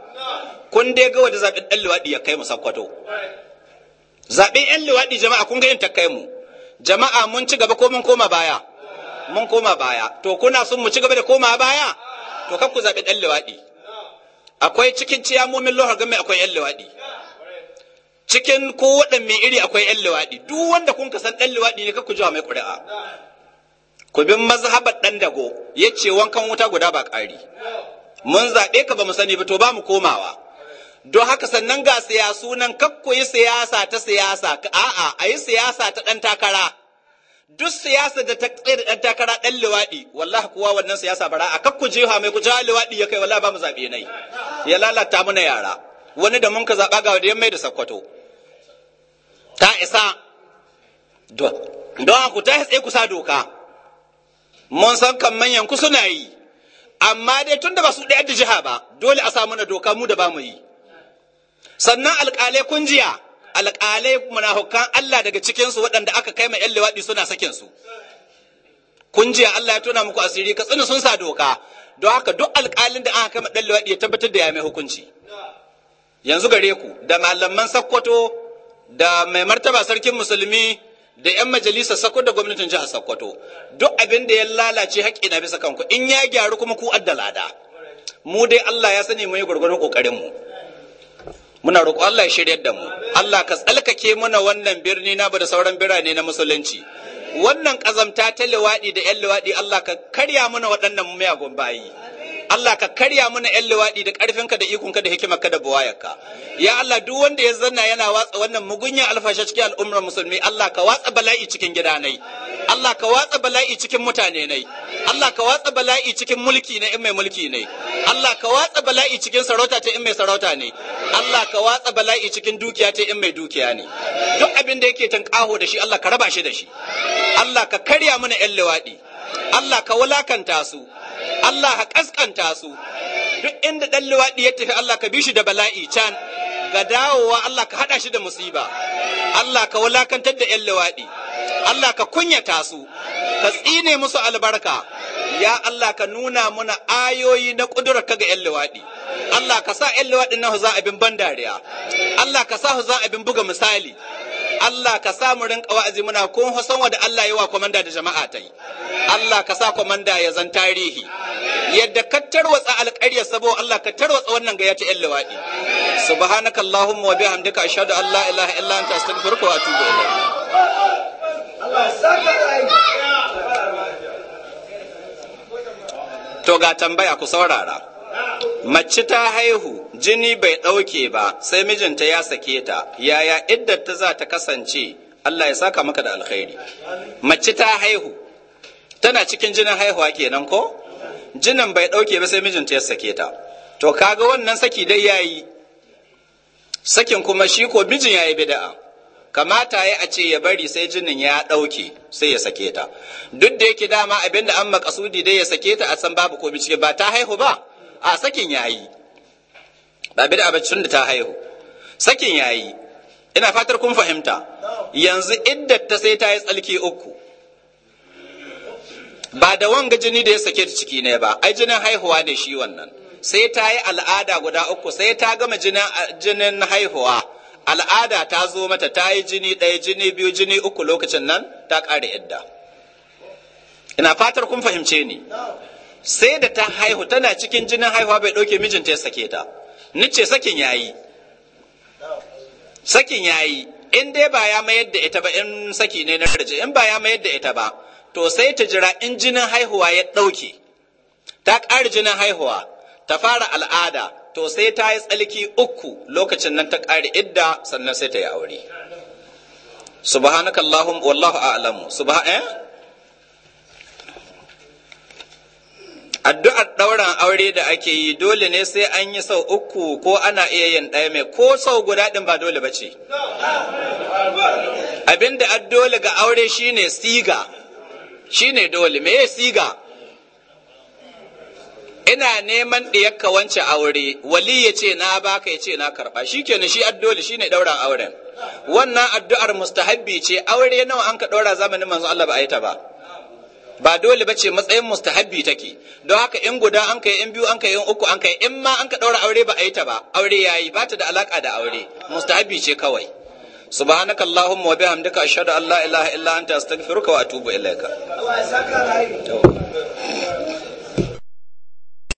kun dai ga wanda zaɓen ɗan luwaɗi ya kai mu sakkwato zaɓen ɗan luwaɗi jama'a kun ga yin takai mu jama'a mun ci gaba ko mun koma baya mun koma baya to kuna son mu ci gaba da koma baya to kar ku zaɓi ɗan luwaɗi akwai cikin ciyamomin lohar game akwai ɗan luwaɗi cikin ko waɗanne iri akwai ɗan luwaɗi duk wanda kun ka san ɗan luwaɗi ne ka ku jawa mai ƙuri'a ku bin mazhabar dan dago yace wankan wuta guda ba ƙari mun zaɓe ka ba mu sani ba to ba mu komawa don haka sannan ga siyasu nan kakko ku yi siyasa ta siyasa a'a a yi siyasa ta ɗan takara duk siyasa da ta tsaye da ɗan takara ɗan liwaɗi wallahi kuwa wannan siyasa bara a kakku ku jefa mai ku jawo liwaɗi ya kai wallahi ba mu zaɓe nai ya lalata mana yara wani da mun ka zaɓa ga wadda mai da sakkwato ta isa don ku ta tsaye ku sa doka mun san kan manyan ku suna yi amma dai tun da ba su ɗaya da jiha ba dole a samu na doka mu da ba mu yi sannan alƙalai kun jiya alƙalai munafukan Allah daga cikinsu waɗanda aka kai ma ‘yan luwaɗi suna sakin su kun jiya Allah ya tona muku asiri ka tsina sun sa doka don haka duk alƙalin da aka kai ma ɗan lewaɗi ya tabbatar da ya mai hukunci yanzu gare ku da malaman sakkwato da mai martaba sarkin musulmi da 'yan majalisar sako da gwamnatin jihar Sokoto duk abin da ya lalace haƙƙi na bisa kanku in ya gyaru kuma ku adda lada mu dai Allah ya sani mu yi kokarin mu muna roƙo Allah ya shiryar da mu Allah ka tsalkake mana wannan birni na da sauran birane na musulunci wannan ƙazamta ta liwaɗi da 'yan liwaɗi Allah ka karya mana waɗannan miyagun bayi Allah ka karya mana yan luwaɗi da ƙarfinka da ikonka da hikimarka da buwayarka ya Allah duk wanda ya zanna yana watsa wannan mugunya alfasha cikin al'ummar musulmi Allah ka watsa bala'i cikin gidanai Allah ka watsa bala'i cikin mutane nai Allah ka watsa bala'i cikin mulki na in mai mulki ne Allah ka watsa bala'i cikin sarauta ta in mai sarauta ne Allah ka watsa bala'i cikin dukiya ta in mai dukiya ne duk abin da yake tankaho da shi Allah ka raba shi da shi Allah ka karya mana yan luwaɗi Allah ka wulakanta su Allah ka kaskanta su duk inda ɗan luwaɗi ya tafi Allah ka bi shi da bala'i can ga dawowa Allah ka haɗa shi da musiba Allah ka wulakantar da yan luwaɗi Allah ka kunyata su ka tsine musu albarka ya Allah ka nuna muna ayoyi na ƙudurarka ga yan luwaɗi Allah ka sa yan luwaɗi na za abin ban dariya Allah ka sa za abin buga misali Allah ka sa mu rinka wa'azi muna kun hosan wa da Allah wa komanda da jama'a ta yi Allah ka sa komanda ya zan tarihi yadda ka tarwatsa alƙaryar sabo Allah ka tarwatsa wannan gaya ta yan luwaɗi subhanakallahumma wa bihamdika ashhadu an la ilaha illa anta astaghfiruka wa atubu ilayk Allah ya saka to ga tambaya ku saurara mace ta haihu jini bai ɗauke ba sai mijinta ya sake ta yaya iddar ta za ta kasance Allah ya saka maka da alkhairi mace ta haihu tana cikin jinin haihuwa kenan ko jinin bai ɗauke ba sai mijinta ya sake ta to kaga wannan saki dai yayi sakin kuma shi ko mijin yayi bid'a kamata ya a ce ya bari sai jinin ya ɗauke sai ya sake ta duk da yake dama abinda an makasudi dai ya sake ta a san babu ko ciki ba ta haihu ba a sakin yayi ba bid'a ba tun da ta haihu sakin yayi ina fatar kun fahimta yanzu idda ta sai ta yi tsalki uku ba da wanga jini da ya sake ta ciki ne ba ai jinin haihuwa ne shi wannan sai ta yi al'ada guda uku sai ta gama jinin haihuwa al'ada ta zo mata ta yi jini ɗaya jini biyu jini uku lokacin nan ta ƙare idda ina fatar kun fahimce ni sai da ta haihu tana cikin jinin haihuwa bai ɗauke mijinta ya sake ta Ni ce sakin yayi sakin yayi in dai ba ya mayar da ita ba in saki ne na rije in ba ya mayar da ita ba to sai ta jira in jinin haihuwa ya ɗauke ta ƙara jinin haihuwa ta fara al'ada to sai ta yi tsalki uku lokacin nan ta ƙari idda sannan sai ta yi aure subhanakallahum wallahu a'lamu subhan eh addu'ar ɗauran aure da ake yi dole ne sai an yi sau uku ko ana iya yin ɗaya mai ko sau guda ɗin ba dole ba ce abin da dole ga aure shine siga shine dole me siga ina neman ɗiyakka wancan aure wali ya ce na baka ya ce na karɓa shi kenan shi addole shi ne ɗauran auren wannan addu'ar mustahabbi ce aure nawa an ka ɗaura zamanin manzo Allah ba a yi ta ba ba dole bace matsayin mustahabbi take don haka in guda an kai in biyu an kai in uku an kai in ma an ka daura aure ba a yi ta ba aure yayi ba ta da alaka da aure mustahabbi ce kawai subhanaka allahumma wa bihamdika ashhadu an la ilaha illa anta astaghfiruka wa atubu ilaika